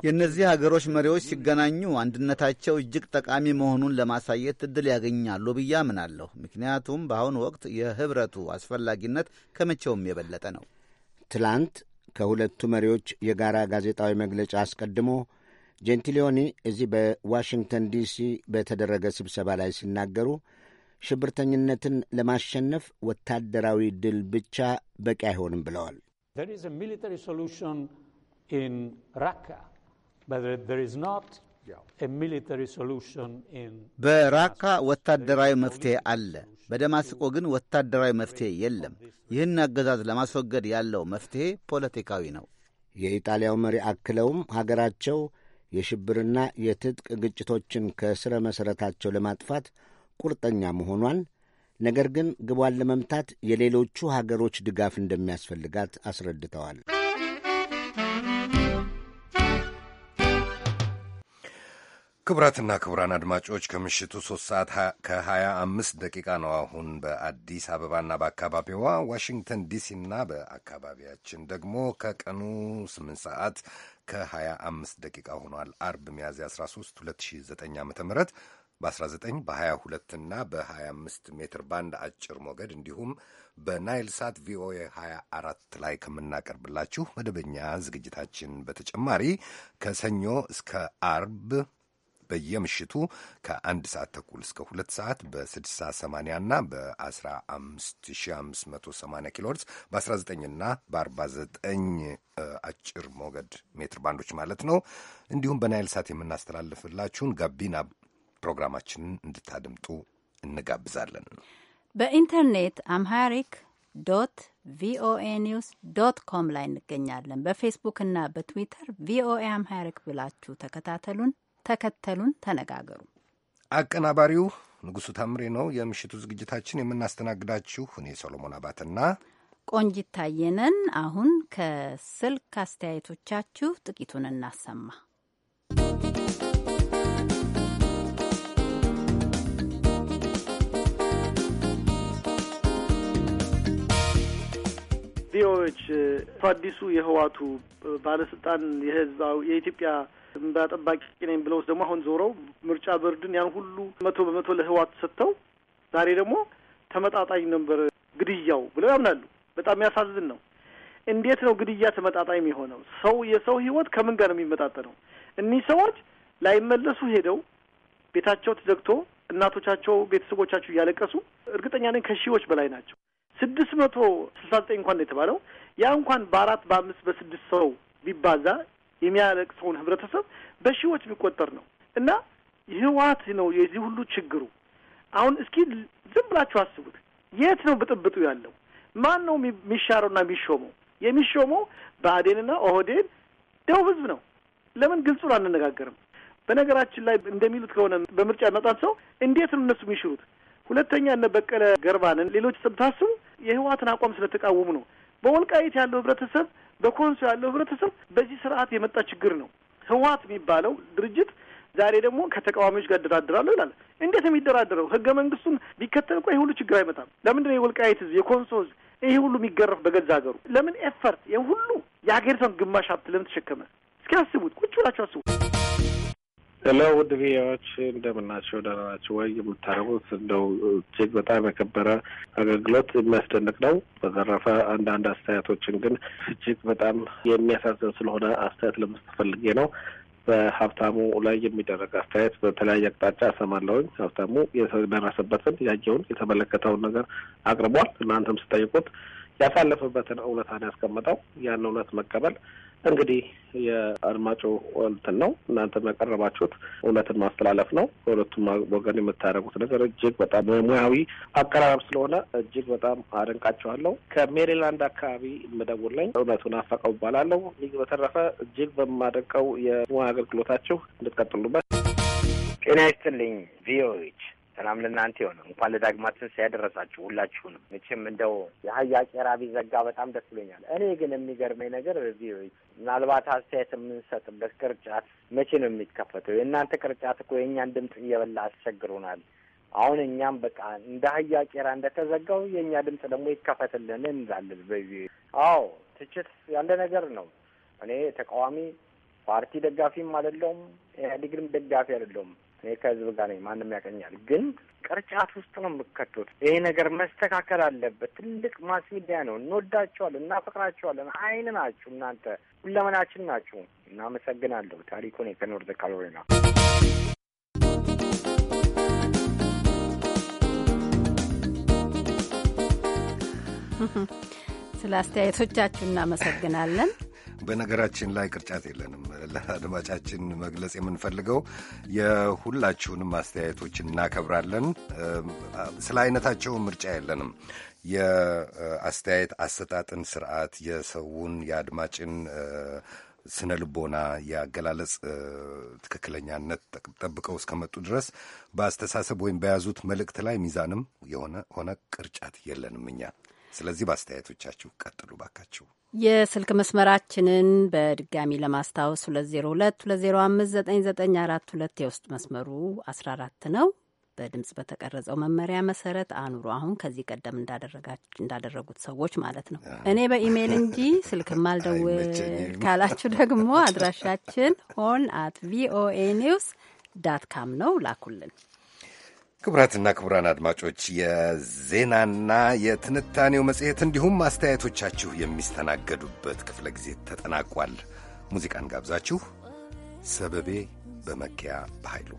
የእነዚህ ሀገሮች መሪዎች ሲገናኙ አንድነታቸው እጅግ ጠቃሚ መሆኑን ለማሳየት እድል ያገኛሉ ብዬ አምናለሁ። ምክንያቱም በአሁኑ ወቅት የህብረቱ አስፈላጊነት ከመቼውም የበለጠ ነው። ትላንት ከሁለቱ መሪዎች የጋራ ጋዜጣዊ መግለጫ አስቀድሞ ጄንቲሊዮኒ እዚህ በዋሽንግተን ዲሲ በተደረገ ስብሰባ ላይ ሲናገሩ ሽብርተኝነትን ለማሸነፍ ወታደራዊ ድል ብቻ በቂ አይሆንም ብለዋል። በራካ ወታደራዊ መፍትሄ አለ። በደማስቆ ግን ወታደራዊ መፍትሄ የለም። ይህን አገዛዝ ለማስወገድ ያለው መፍትሄ ፖለቲካዊ ነው። የኢጣሊያው መሪ አክለውም ሀገራቸው የሽብርና የትጥቅ ግጭቶችን ከሥረ መሠረታቸው ለማጥፋት ቁርጠኛ መሆኗን ነገር ግን ግቧን ለመምታት የሌሎቹ ሀገሮች ድጋፍ እንደሚያስፈልጋት አስረድተዋል። ክቡራትና ክቡራን አድማጮች ከምሽቱ 3 ሰዓት ከ25 ደቂቃ ነው አሁን በአዲስ አበባና በአካባቢዋ ዋሽንግተን ዲሲና በአካባቢያችን ደግሞ ከቀኑ 8 ሰዓት ከ25 ደቂቃ ሆኗል። አርብ ሚያዝያ 13 2009 ዓ ም በ19 በ22 እና በ25 ሜትር ባንድ አጭር ሞገድ እንዲሁም በናይል ሳት ቪኦኤ 24 ላይ ከምናቀርብላችሁ መደበኛ ዝግጅታችን በተጨማሪ ከሰኞ እስከ አርብ በየምሽቱ ከአንድ ሰዓት ተኩል እስከ ሁለት ሰዓት በ6080 እና በ15580 ኪሎርስ በ19 እና በ49 አጭር ሞገድ ሜትር ባንዶች ማለት ነው። እንዲሁም በናይል ሳት የምናስተላልፍላችሁን ጋቢና ፕሮግራማችንን እንድታደምጡ እንጋብዛለን። በኢንተርኔት አምሃሪክ ዶት ቪኦኤ ኒውስ ዶት ኮም ላይ እንገኛለን። በፌስቡክ እና በትዊተር ቪኦኤ አምሃሪክ ብላችሁ ተከታተሉን፣ ተከተሉን፣ ተነጋገሩ። አቀናባሪው ንጉሱ ታምሬ ነው። የምሽቱ ዝግጅታችን የምናስተናግዳችሁ እኔ ሰሎሞን አባትና ቆንጂት ታየነን። አሁን ከስልክ አስተያየቶቻችሁ ጥቂቱን እናሰማ። ቪኦኤዎች አዲሱ የህዋቱ ባለስልጣን የህዝባዊ የኢትዮጵያ እንባ ጠባቂ ነኝ ብለው ደግሞ አሁን ዞረው ምርጫ ቦርድን ያን ሁሉ መቶ በመቶ ለህዋት ሰጥተው ዛሬ ደግሞ ተመጣጣኝ ነበር ግድያው ብለው ያምናሉ። በጣም የሚያሳዝን ነው። እንዴት ነው ግድያ ተመጣጣኝ የሆነው? ሰው የሰው ህይወት ከምን ጋር ነው የሚመጣጠነው? እኒህ ሰዎች ላይመለሱ ሄደው ቤታቸው ተዘግቶ እናቶቻቸው ቤተሰቦቻቸው እያለቀሱ እርግጠኛ ነኝ ከሺዎች በላይ ናቸው። ስድስት መቶ ስልሳ ዘጠኝ እንኳን የተባለው። ያ እንኳን በአራት በአምስት በስድስት ሰው ቢባዛ የሚያለቅሰውን ህብረተሰብ በሺዎች የሚቆጠር ነው እና ህወሓት ነው የዚህ ሁሉ ችግሩ። አሁን እስኪ ዝም ብላችሁ አስቡት። የት ነው ብጥብጡ ያለው? ማን ነው የሚሻረውና የሚሾመው? የሚሾመው ብአዴንና ኦህዴን ደቡብ ህዝብ ነው። ለምን ግልጹን አንነጋገርም? በነገራችን ላይ እንደሚሉት ከሆነ በምርጫ ያመጣን ሰው እንዴት ነው እነሱ የሚሽሩት? ሁለተኛ እነ በቀለ ገርባንን ሌሎች ስብታስቡ የህወሓትን አቋም ስለተቃወሙ ነው። በወልቃይት ያለው ህብረተሰብ፣ በኮንሶ ያለው ህብረተሰብ በዚህ ስርዓት የመጣ ችግር ነው። ህወሀት የሚባለው ድርጅት ዛሬ ደግሞ ከተቃዋሚዎች ጋር እደራደራለሁ ይላል። እንዴት የሚደራደረው? ህገ መንግስቱን ቢከተል እኮ ይህ ሁሉ ችግር አይመጣም። ለምንድነው የወልቃይት ህዝብ፣ የኮንሶ ህዝብ ይህ ሁሉ የሚገረፍ በገዛ ሀገሩ? ለምን ኤፈርት ይህ ሁሉ የሀገሪቷን ግማሽ ሀብት ለምን ተሸከመ? እስኪ አስቡት፣ ቁጭ ብላችሁ አስቡት። ሄሎ ውድ ቪዎች እንደምናቸው ደህና ናቸው ወይ? የምታደርጉት እንደው እጅግ በጣም የከበረ አገልግሎት የሚያስደንቅ ነው። በተረፈ አንዳንድ አስተያየቶችን ግን እጅግ በጣም የሚያሳዝን ስለሆነ አስተያየት ለመስጠት ፈልጌ ነው። በሀብታሙ ላይ የሚደረግ አስተያየት በተለያየ አቅጣጫ እሰማለሁኝ። ሀብታሙ የደረሰበትን ያየውን የተመለከተውን ነገር አቅርቧል። እናንተም ስጠይቁት ያሳለፈበትን እውነታን ያስቀምጠው ያን እውነት መቀበል እንግዲህ የአድማጩ እንትን ነው። እናንተ ያቀረባችሁት እውነትን ማስተላለፍ ነው። በሁለቱም ወገን የምታደርጉት ነገር እጅግ በጣም ሙያዊ አቀራረብ ስለሆነ እጅግ በጣም አደንቃችኋለሁ። ከሜሪላንድ አካባቢ የምደውልኝ እውነቱን አፈቀው እባላለሁ። ይህ በተረፈ እጅግ በማደንቀው የሙያ አገልግሎታችሁ እንድትቀጥሉበት ጤና ይስጥልኝ ቪኦኤዎች ሰላም ለእናንተ የሆነ እንኳን ለዳግማ ትንሣኤ ያደረሳችሁ ሁላችሁንም። መቼም እንደው የሀያ ቄራ ቢዘጋ በጣም ደስ ብሎኛል። እኔ ግን የሚገርመኝ ነገር እዚህ ምናልባት አስተያየት የምንሰጥበት ቅርጫት መቼ ነው የሚከፈተው? የእናንተ ቅርጫት እኮ የእኛን ድምፅ እየበላ አስቸግሩናል። አሁን እኛም በቃ እንደ አህያ ቄራ እንደተዘጋው የእኛ ድምፅ ደግሞ ይከፈትልን እንላለን። በዚህ አዎ ትችት ያለ ነገር ነው። እኔ ተቃዋሚ ፓርቲ ደጋፊም አይደለውም ኢህአዴግንም ደጋፊ አይደለውም። እኔ ከህዝብ ጋር ነኝ፣ ማንም ያቀኛል። ግን ቅርጫት ውስጥ ነው የምከቱት። ይሄ ነገር መስተካከል አለበት። ትልቅ ማስ ሚዲያ ነው። እንወዳቸዋለን፣ እናፈቅራቸዋለን። አይን ናችሁ እናንተ፣ ሁለመናችን ናችሁ። እናመሰግናለሁ። ታሪኩ ነኝ ከኖርዘ ካሎሪና ስለ አስተያየቶቻችሁ እናመሰግናለን። በነገራችን ላይ ቅርጫት የለንም። ለአድማጫችን መግለጽ የምንፈልገው የሁላችሁንም አስተያየቶች እናከብራለን። ስለ አይነታቸው ምርጫ የለንም። የአስተያየት አሰጣጥን ስርዓት፣ የሰውን የአድማጭን ስነ ልቦና የአገላለጽ ትክክለኛነት ጠብቀው እስከመጡ ድረስ በአስተሳሰብ ወይም በያዙት መልእክት ላይ ሚዛንም የሆነ ሆነ ቅርጫት የለንም እኛ። ስለዚህ በአስተያየቶቻችሁ ቀጥሉ ባካችሁ። የስልክ መስመራችንን በድጋሚ ለማስታወስ 202 205 9942 የውስጥ መስመሩ 14 ነው። በድምጽ በተቀረጸው መመሪያ መሰረት አኑሮ አሁን ከዚህ ቀደም እንዳደረጉት ሰዎች ማለት ነው። እኔ በኢሜይል እንጂ ስልክም አልደውል ካላችሁ ደግሞ አድራሻችን ሆን አት ቪኦኤ ኒውስ ዳት ካም ነው። ላኩልን። ክቡራትና ክቡራን አድማጮች የዜናና የትንታኔው መጽሔት እንዲሁም አስተያየቶቻችሁ የሚስተናገዱበት ክፍለ ጊዜ ተጠናቋል። ሙዚቃን ጋብዛችሁ ሰበቤ በመኪያ በኃይሉ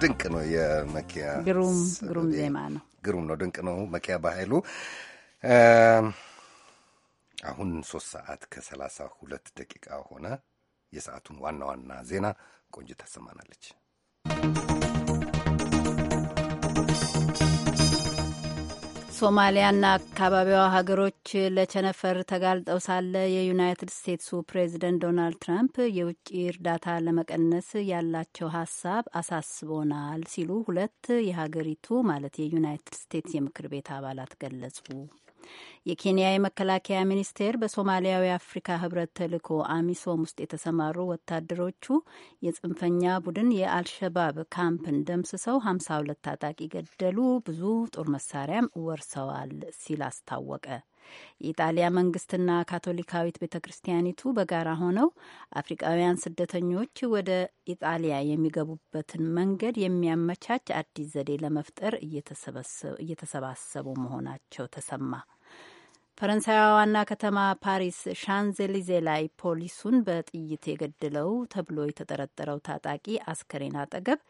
ድንቅ ነው። የመኪያ ግሩም ግሩም ዜማ ነው። ግሩም ነው። ድንቅ ነው። መኪያ በኃይሉ አሁን ሶስት ሰዓት ከሰላሳ ሁለት ደቂቃ ሆነ። የሰዓቱን ዋና ዋና ዜና ቆንጅት ታሰማናለች። ሶማሊያና አካባቢዋ ሀገሮች ለቸነፈር ተጋልጠው ሳለ የዩናይትድ ስቴትሱ ፕሬዚደንት ዶናልድ ትራምፕ የውጭ እርዳታ ለመቀነስ ያላቸው ሀሳብ አሳስቦናል ሲሉ ሁለት የሀገሪቱ ማለት የዩናይትድ ስቴትስ የምክር ቤት አባላት ገለጹ። የኬንያ የመከላከያ ሚኒስቴር በሶማሊያዊ አፍሪካ ህብረት ተልእኮ አሚሶም ውስጥ የተሰማሩ ወታደሮቹ የጽንፈኛ ቡድን የአልሸባብ ካምፕን ደምስሰው 52 ታጣቂ ገደሉ፣ ብዙ ጦር መሳሪያም ወርሰዋል ሲል አስታወቀ። የኢጣሊያ መንግስትና ካቶሊካዊት ቤተ ክርስቲያኒቱ በጋራ ሆነው አፍሪቃውያን ስደተኞች ወደ ኢጣሊያ የሚገቡበትን መንገድ የሚያመቻች አዲስ ዘዴ ለመፍጠር እየተሰባሰቡ መሆናቸው ተሰማ። ፈረንሳይዋ ዋና ከተማ ፓሪስ ሻንዘሊዜ ላይ ፖሊሱን በጥይት የገደለው ተብሎ የተጠረጠረው ታጣቂ አስከሬን አጠገብ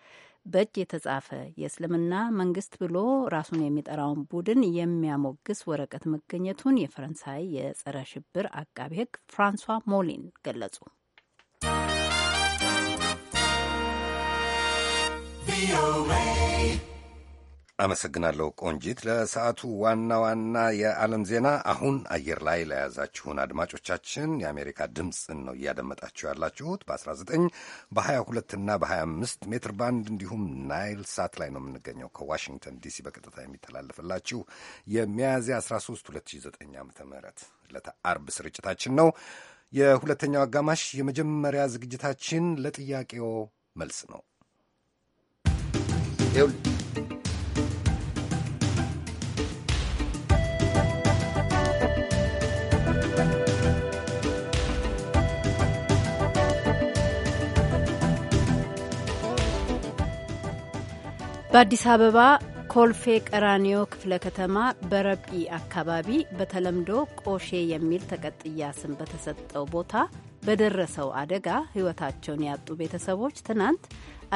በእጅ የተጻፈ የእስልምና መንግስት ብሎ ራሱን የሚጠራውን ቡድን የሚያሞግስ ወረቀት መገኘቱን የፈረንሳይ የጸረ ሽብር አቃቤ ሕግ ፍራንሷ ሞሊን ገለጹ። ቪኦኤ አመሰግናለሁ ቆንጂት። ለሰዓቱ ዋና ዋና የዓለም ዜና አሁን አየር ላይ ለያዛችሁን አድማጮቻችን የአሜሪካ ድምፅን ነው እያደመጣችሁ ያላችሁት። በ19 በ22 እና በ25 ሜትር ባንድ እንዲሁም ናይል ሳት ላይ ነው የምንገኘው ከዋሽንግተን ዲሲ በቀጥታ የሚተላለፍላችሁ የሚያዝያ 13 2009 ዓ ም ዕለተ አርብ ስርጭታችን ነው። የሁለተኛው አጋማሽ የመጀመሪያ ዝግጅታችን ለጥያቄው መልስ ነው። በአዲስ አበባ ኮልፌ ቀራኒዮ ክፍለ ከተማ በረጲ አካባቢ በተለምዶ ቆሼ የሚል ተቀጥያ ስም በተሰጠው ቦታ በደረሰው አደጋ ሕይወታቸውን ያጡ ቤተሰቦች ትናንት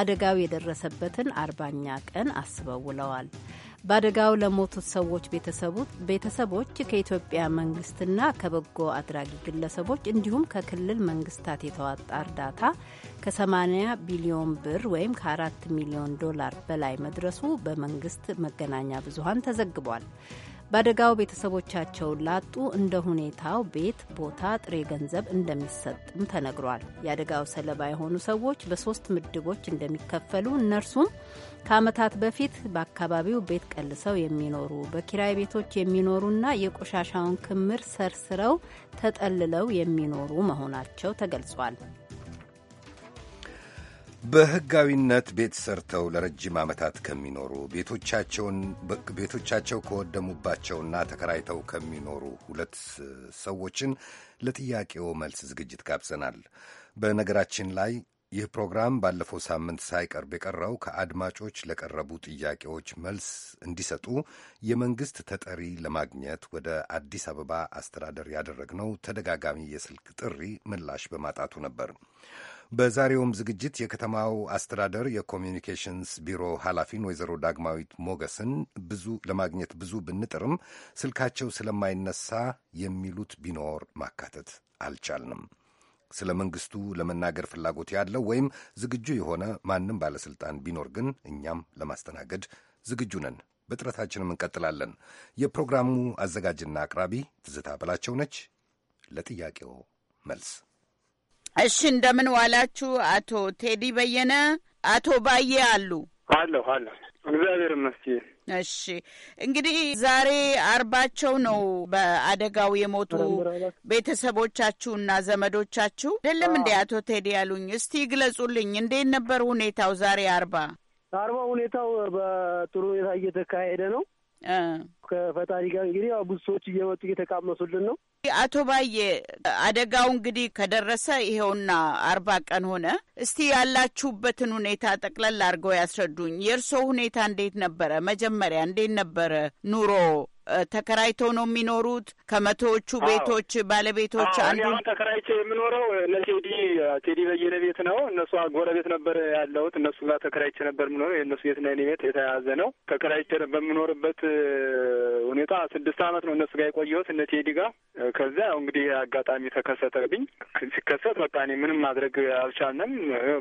አደጋው የደረሰበትን አርባኛ ቀን አስበው ውለዋል። በአደጋው ለሞቱት ሰዎች ቤተሰቦች ከኢትዮጵያ መንግስትና ከበጎ አድራጊ ግለሰቦች እንዲሁም ከክልል መንግስታት የተዋጣ እርዳታ ከ80 ቢሊዮን ብር ወይም ከ4 ሚሊዮን ዶላር በላይ መድረሱ በመንግስት መገናኛ ብዙሃን ተዘግቧል። በአደጋው ቤተሰቦቻቸውን ላጡ እንደ ሁኔታው ቤት፣ ቦታ፣ ጥሬ ገንዘብ እንደሚሰጥም ተነግሯል። የአደጋው ሰለባ የሆኑ ሰዎች በሶስት ምድቦች እንደሚከፈሉ እነርሱም ከዓመታት በፊት በአካባቢው ቤት ቀልሰው የሚኖሩ በኪራይ ቤቶች የሚኖሩና የቆሻሻውን ክምር ሰርስረው ተጠልለው የሚኖሩ መሆናቸው ተገልጿል። በህጋዊነት ቤት ሰርተው ለረጅም ዓመታት ከሚኖሩ ቤቶቻቸው ከወደሙባቸውና ተከራይተው ከሚኖሩ ሁለት ሰዎችን ለጥያቄው መልስ ዝግጅት ጋብዘናል። በነገራችን ላይ ይህ ፕሮግራም ባለፈው ሳምንት ሳይቀርብ የቀረው ከአድማጮች ለቀረቡ ጥያቄዎች መልስ እንዲሰጡ የመንግሥት ተጠሪ ለማግኘት ወደ አዲስ አበባ አስተዳደር ያደረግነው ተደጋጋሚ የስልክ ጥሪ ምላሽ በማጣቱ ነበር። በዛሬውም ዝግጅት የከተማው አስተዳደር የኮሚኒኬሽንስ ቢሮ ኃላፊን ወይዘሮ ዳግማዊት ሞገስን ብዙ ለማግኘት ብዙ ብንጥርም ስልካቸው ስለማይነሳ የሚሉት ቢኖር ማካተት አልቻልንም። ስለ መንግስቱ ለመናገር ፍላጎት ያለው ወይም ዝግጁ የሆነ ማንም ባለስልጣን ቢኖር ግን እኛም ለማስተናገድ ዝግጁ ነን። በጥረታችንም እንቀጥላለን። የፕሮግራሙ አዘጋጅና አቅራቢ ትዝታ በላቸው ነች። ለጥያቄው መልስ እሺ፣ እንደምን ዋላችሁ አቶ ቴዲ በየነ። አቶ ባዬ አሉ አለሁ አለሁ። እግዚአብሔር ይመስገን። እሺ እንግዲህ ዛሬ አርባቸው ነው። በአደጋው የሞቱ ቤተሰቦቻችሁና ዘመዶቻችሁ አይደለም እንዴ? አቶ ቴዲ ያሉኝ እስቲ ግለጹልኝ። እንዴት ነበር ሁኔታው ዛሬ አርባ? አርባ ሁኔታው በጥሩ ሁኔታ እየተካሄደ ነው። ከፈጣሪ ጋር እንግዲህ ያው ብዙ ሰዎች እየመጡ እየተቃመሱልን ነው። አቶ ባዬ አደጋው እንግዲህ ከደረሰ ይሄውና አርባ ቀን ሆነ። እስቲ ያላችሁበትን ሁኔታ ጠቅለል አድርገው ያስረዱኝ። የእርሶ ሁኔታ እንዴት ነበረ? መጀመሪያ እንዴት ነበረ ኑሮ ተከራይተው ነው የሚኖሩት? ከመቶዎቹ ቤቶች ባለቤቶች አንዱ ተከራይቼ የምኖረው ለቴዲ ቴዲ በየነ ቤት ነው። እነሱ ጎረቤት ነበር ያለሁት። እነሱ ጋር ተከራይቼ ነበር የምኖረው። የእነሱ ቤትና የእኔ ቤት የተያያዘ ነው። ተከራይቼ በምኖርበት ሁኔታ ስድስት ዓመት ነው እነሱ ጋር የቆየሁት እነ ቴዲ ጋር። ከዚያ ያው እንግዲህ አጋጣሚ ተከሰተብኝ። ሲከሰት በቃ እኔ ምንም ማድረግ አልቻልንም።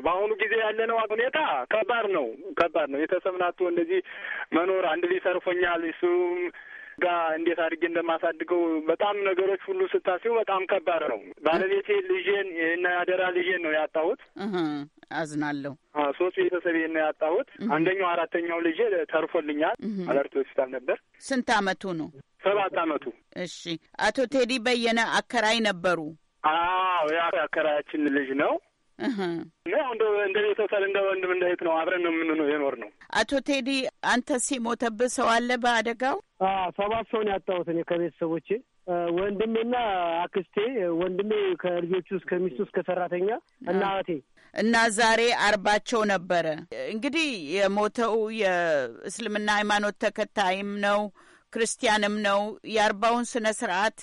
በአሁኑ ጊዜ ያለነው ሁኔታ ከባድ ነው፣ ከባድ ነው። የተሰምናቱ እንደዚህ መኖር አንድ ሊሰርፎኛል ሰርፎኛል እሱም ጋር እንዴት አድርጌ እንደማሳድገው በጣም ነገሮች ሁሉ ስታስቡ በጣም ከባድ ነው። ባለቤቴ ልጄን እና ያደራ ልጄን ነው ያጣሁት። አዝናለሁ። ሶስት ቤተሰቤ ነው ያጣሁት። አንደኛው አራተኛው ልጄ ተርፎልኛል። አለርት ሆስፒታል ነበር። ስንት አመቱ ነው? ሰባት አመቱ። እሺ። አቶ ቴዲ በየነ አከራይ ነበሩ። አዎ፣ ያ አከራያችን ልጅ ነው። ያው እንደ እንደ ቤተሰብ እንደ ወንድም እንደ እህት ነው አብረን ነው የምንኖር የኖር ነው። አቶ ቴዲ አንተስ የሞተብህ ሰው አለ በአደጋው? ሰባት ሰውን ያጣሁት እኔ ከቤተሰቦቼ ወንድሜና አክስቴ፣ ወንድሜ ከልጆቹ እስከ ሚስቱ እስከ ሰራተኛ እና አቴ እና ዛሬ አርባቸው ነበረ። እንግዲህ የሞተው የእስልምና ሃይማኖት ተከታይም ነው ክርስቲያንም ነው። የአርባውን ስነ ስርዓት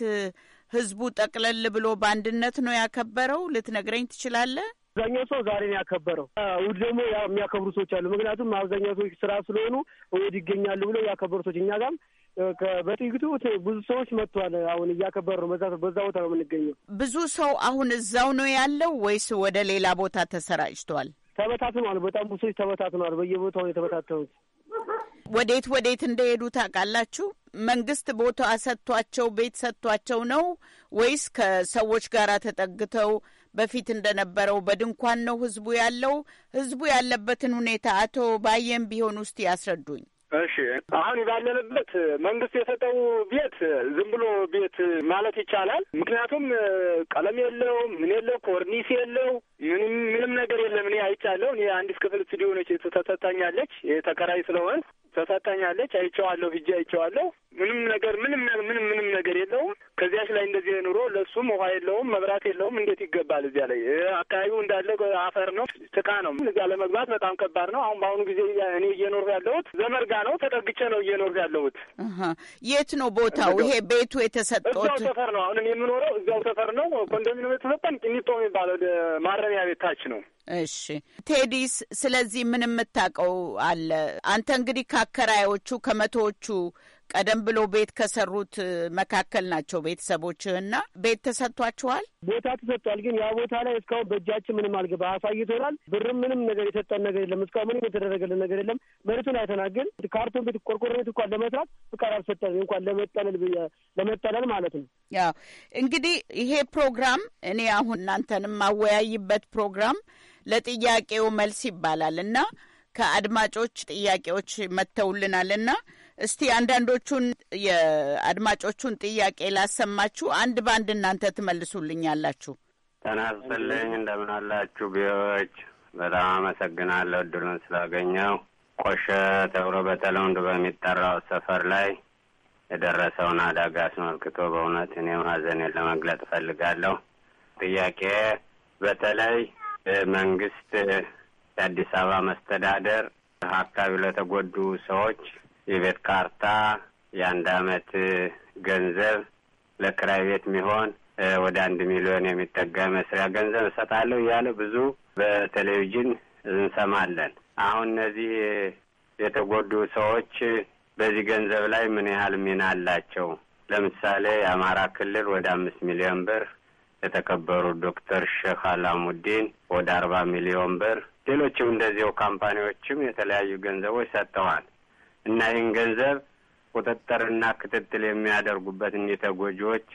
ህዝቡ ጠቅለል ብሎ በአንድነት ነው ያከበረው። ልትነግረኝ ትችላለህ? አብዛኛው ሰው ዛሬን ያከበረው ውድ ደግሞ የሚያከብሩ ሰዎች አሉ። ምክንያቱም አብዛኛው ሰዎች ስራ ስለሆኑ ውድ ይገኛሉ ብለው ያከበሩ ሰዎች እኛ ጋም በጥቂቱ ብዙ ሰዎች መጥቷል። አሁን እያከበር ነው። በዛ ቦታ ነው የምንገኘው። ብዙ ሰው አሁን እዛው ነው ያለው ወይስ ወደ ሌላ ቦታ ተሰራጭቷል? ተበታትኗል። በጣም ብዙ ሰዎች ተበታትኗል። በየቦታው የተበታተኑት ወዴት ወዴት እንደሄዱ ታውቃላችሁ? መንግስት ቦታ ሰጥቷቸው ቤት ሰጥቷቸው ነው ወይስ ከሰዎች ጋር ተጠግተው በፊት እንደነበረው በድንኳን ነው ህዝቡ ያለው። ህዝቡ ያለበትን ሁኔታ አቶ ባየም ቢሆን ውስጥ ያስረዱኝ። እሺ አሁን ባለንበት መንግስት የሰጠው ቤት ዝም ብሎ ቤት ማለት ይቻላል። ምክንያቱም ቀለም የለው ምን የለው ኮርኒስ የለው ምንም ምንም ነገር የለም። እኔ አይቻለሁ። እኔ አንዲት ክፍል ስቱዲዮ ነች ተሰጣኛለች። ተከራይ ስለሆን ተሰጣኛለች። አይቼዋለሁ፣ ሂጄ አይቼዋለሁ። ምንም ነገር ምንም ምንም ምንም ነገር የለውም። ከዚያች ላይ እንደዚህ ኑሮ ለሱም ውሃ የለውም፣ መብራት የለውም። እንዴት ይገባል? እዚያ ላይ አካባቢው እንዳለ አፈር ነው፣ ጭቃ ነው። እዚያ ለመግባት በጣም ከባድ ነው። አሁን በአሁኑ ጊዜ እኔ እየኖርኩ ያለሁት ዘመርጋ ነው፣ ተጠግቼ ነው እየኖርኩ ያለሁት። የት ነው ቦታው? ይሄ ቤቱ የተሰጠው እዛው ሰፈር ነው። አሁን የምኖረው እዛው ሰፈር ነው። ኮንዶሚኒየም የተሰጠን ቅሊንጦ የሚባለው ማረ ከመኖሪያ ቤታች ነው። እሺ ቴዲስ፣ ስለዚህ ምን የምታውቀው አለ? አንተ እንግዲህ ከአከራዮቹ ከመቶዎቹ ቀደም ብሎ ቤት ከሰሩት መካከል ናቸው ቤተሰቦችህና ቤት ተሰጥቷችኋል? ቦታ ተሰጥቷል። ግን ያ ቦታ ላይ እስካሁን በእጃችን ምንም አልገባ አሳይቶናል። ብርም ምንም ነገር የሰጠን ነገር የለም። እስካሁን ምንም የተደረገልን ነገር የለም። መሬቱን አይተናል። ግን ካርቶን ቤት፣ ቆርቆሮ ቤት እንኳን ለመስራት ፍቃድ አልሰጠን እንኳን ለመጠለል ለመጠለል ማለት ነው። ያው እንግዲህ ይሄ ፕሮግራም እኔ አሁን እናንተንም ማወያይበት ፕሮግራም ለጥያቄው መልስ ይባላል እና ከአድማጮች ጥያቄዎች መጥተውልናል እና እስቲ አንዳንዶቹን የአድማጮቹን ጥያቄ ላሰማችሁ። አንድ በአንድ እናንተ ትመልሱልኛላችሁ። ተናስልኝ እንደምን አላችሁ ቢዎች? በጣም አመሰግናለሁ እድሉን ስላገኘው። ቆሸ ተብሎ በተለምዶ በሚጠራው ሰፈር ላይ የደረሰውን አደጋ አስመልክቶ በእውነት እኔ ሐዘኔን ለመግለጥ እፈልጋለሁ። ጥያቄ በተለይ መንግስት የአዲስ አበባ መስተዳደር አካባቢ ለተጎዱ ሰዎች የቤት ካርታ፣ የአንድ አመት ገንዘብ፣ ለክራይ ቤት የሚሆን ወደ አንድ ሚሊዮን የሚጠጋ መስሪያ ገንዘብ እሰጣለሁ እያለ ብዙ በቴሌቪዥን እንሰማለን። አሁን እነዚህ የተጎዱ ሰዎች በዚህ ገንዘብ ላይ ምን ያህል ሚና አላቸው? ለምሳሌ የአማራ ክልል ወደ አምስት ሚሊዮን ብር የተከበሩ ዶክተር ሼክ አላሙዲን ወደ አርባ ሚሊዮን ብር ሌሎችም እንደዚሁ ካምፓኒዎችም የተለያዩ ገንዘቦች ሰጥተዋል። እና ይህን ገንዘብ ቁጥጥርና ክትትል እኒህ የተጎጂዎች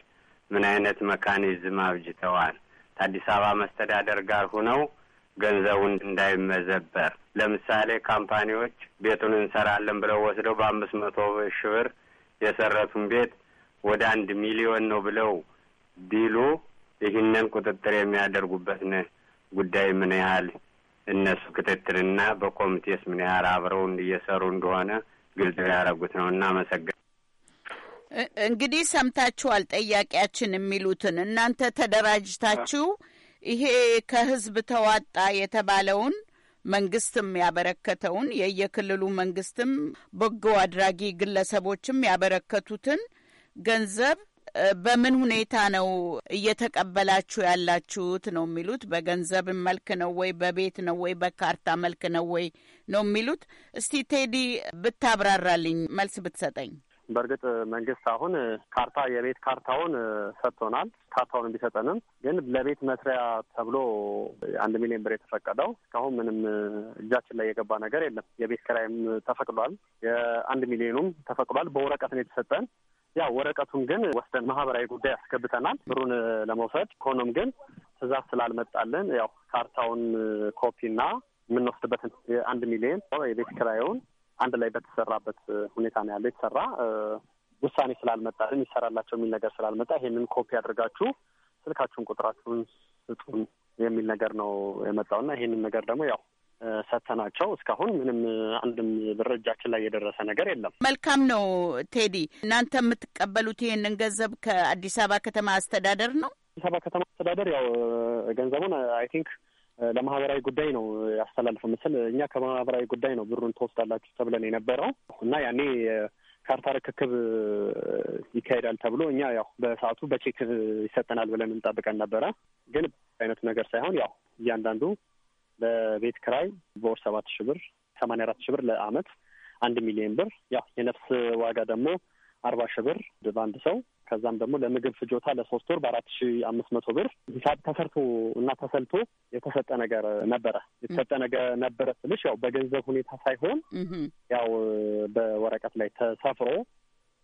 ምን አይነት መካኒዝም አብጅተዋል? ከአዲስ አበባ መስተዳደር ጋር ሆነው ገንዘቡን እንዳይመዘበር ለምሳሌ ካምፓኒዎች ቤቱን እንሰራለን ብለው ወስደው በአምስት መቶ ሺ ብር የሰረቱን ቤት ወደ አንድ ሚሊዮን ነው ብለው ቢሉ ይህንን ቁጥጥር የሚያደርጉበትን ጉዳይ ምን ያህል እነሱ ክትትልና በኮሚቴስ ምን ያህል አብረው እየሰሩ እንደሆነ ግልጽ ያደረጉት ነው። እናመሰግን እንግዲህ ሰምታችኋል ጠያቂያችን የሚሉትን እናንተ ተደራጅታችሁ ይሄ ከህዝብ ተዋጣ የተባለውን መንግስትም ያበረከተውን የየክልሉ መንግስትም በጎ አድራጊ ግለሰቦችም ያበረከቱትን ገንዘብ በምን ሁኔታ ነው እየተቀበላችሁ ያላችሁት ነው የሚሉት። በገንዘብ መልክ ነው ወይ በቤት ነው ወይ በካርታ መልክ ነው ወይ ነው የሚሉት። እስቲ ቴዲ ብታብራራልኝ፣ መልስ ብትሰጠኝ። በእርግጥ መንግስት አሁን ካርታ የቤት ካርታውን ሰጥቶናል። ካርታውን ቢሰጠንም ግን ለቤት መስሪያ ተብሎ አንድ ሚሊዮን ብር የተፈቀደው እስካሁን ምንም እጃችን ላይ የገባ ነገር የለም። የቤት ክራይም ተፈቅዷል፣ የአንድ ሚሊዮኑም ተፈቅዷል። በወረቀት ነው የተሰጠን። ያው ወረቀቱን ግን ወስደን ማህበራዊ ጉዳይ አስገብተናል ብሩን ለመውሰድ። ሆኖም ግን ትእዛዝ ስላልመጣልን ያው ካርታውን ኮፒና የምንወስድበትን የአንድ ሚሊዮን የቤት ኪራዩን አንድ ላይ በተሰራበት ሁኔታ ነው ያለው የተሰራ ውሳኔ ስላልመጣልን ይሰራላቸው የሚል ነገር ስላልመጣ ይሄንን ኮፒ አድርጋችሁ ስልካችሁን ቁጥራችሁን ስጡን የሚል ነገር ነው የመጣውና ይሄንን ነገር ደግሞ ያው ሰተናቸው እስካሁን ምንም አንድም ብር ላይ የደረሰ ነገር የለም። መልካም ነው። ቴዲ እናንተ የምትቀበሉት ይህንን ገንዘብ ከአዲስ አበባ ከተማ አስተዳደር ነው? አዲስ አበባ ከተማ አስተዳደር ያው ገንዘቡን አይ ቲንክ ለማህበራዊ ጉዳይ ነው ያስተላልፈው ምስል እኛ ከማህበራዊ ጉዳይ ነው ብሩን ትወስዳላችሁ ተብለን የነበረው እና ያኔ ካርታ ርክክብ ይካሄዳል ተብሎ እኛ ያው በሰዓቱ በቼክ ይሰጠናል ብለን እንጠብቀን ነበረ። ግን አይነቱ ነገር ሳይሆን ያው እያንዳንዱ ለቤት ክራይ በወር ሰባት ሺ ብር፣ ሰማንያ አራት ሺ ብር ለአመት አንድ ሚሊዮን ብር። ያ የነፍስ ዋጋ ደግሞ አርባ ሺ ብር በአንድ ሰው። ከዛም ደግሞ ለምግብ ፍጆታ ለሶስት ወር በአራት ሺ አምስት መቶ ብር ሂሳብ ተሰርቶ እና ተሰልቶ የተሰጠ ነገር ነበረ። የተሰጠ ነገር ነበረ ስልሽ ያው በገንዘብ ሁኔታ ሳይሆን ያው በወረቀት ላይ ተሰፍሮ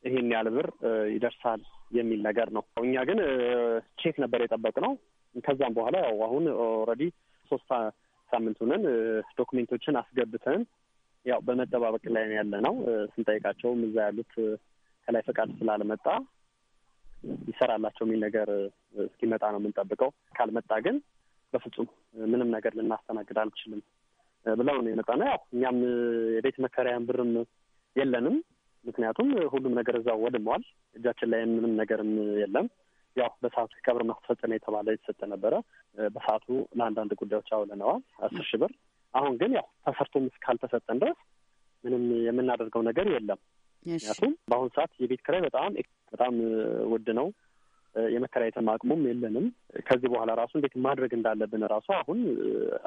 ይሄን ያህል ብር ይደርሳል የሚል ነገር ነው። እኛ ግን ቼክ ነበር ነው። ከዛም በኋላ ያው አሁን ኦልሬዲ ሶስት ሳምንት ሆነን ዶክሜንቶችን አስገብተን ያው በመጠባበቅ ላይ ያለ ነው። ስንጠይቃቸውም እዛ ያሉት ከላይ ፈቃድ ስላልመጣ ይሰራላቸው የሚል ነገር እስኪመጣ ነው የምንጠብቀው። ካልመጣ ግን በፍጹም ምንም ነገር ልናስተናግድ አልችልም ብለው ነው የመጣ ነው። ያው እኛም የቤት መከራያን ብርም የለንም። ምክንያቱም ሁሉም ነገር እዛው ወድመዋል። እጃችን ላይ ምንም ነገርም የለም። ያው በሰዓቱ የቀብር ማስፈጸሚያ የተባለ የተሰጠ ነበረ። በሰዓቱ ለአንዳንድ ጉዳዮች አውለነዋል አስር ሺህ ብር። አሁን ግን ያው ተሰርቶም እስካልተሰጠን ድረስ ምንም የምናደርገው ነገር የለም። ምክንያቱም በአሁኑ ሰዓት የቤት ኪራይ በጣም በጣም ውድ ነው። የመከራየትም አቅሙም የለንም። ከዚህ በኋላ ራሱ እንዴት ማድረግ እንዳለብን ራሱ አሁን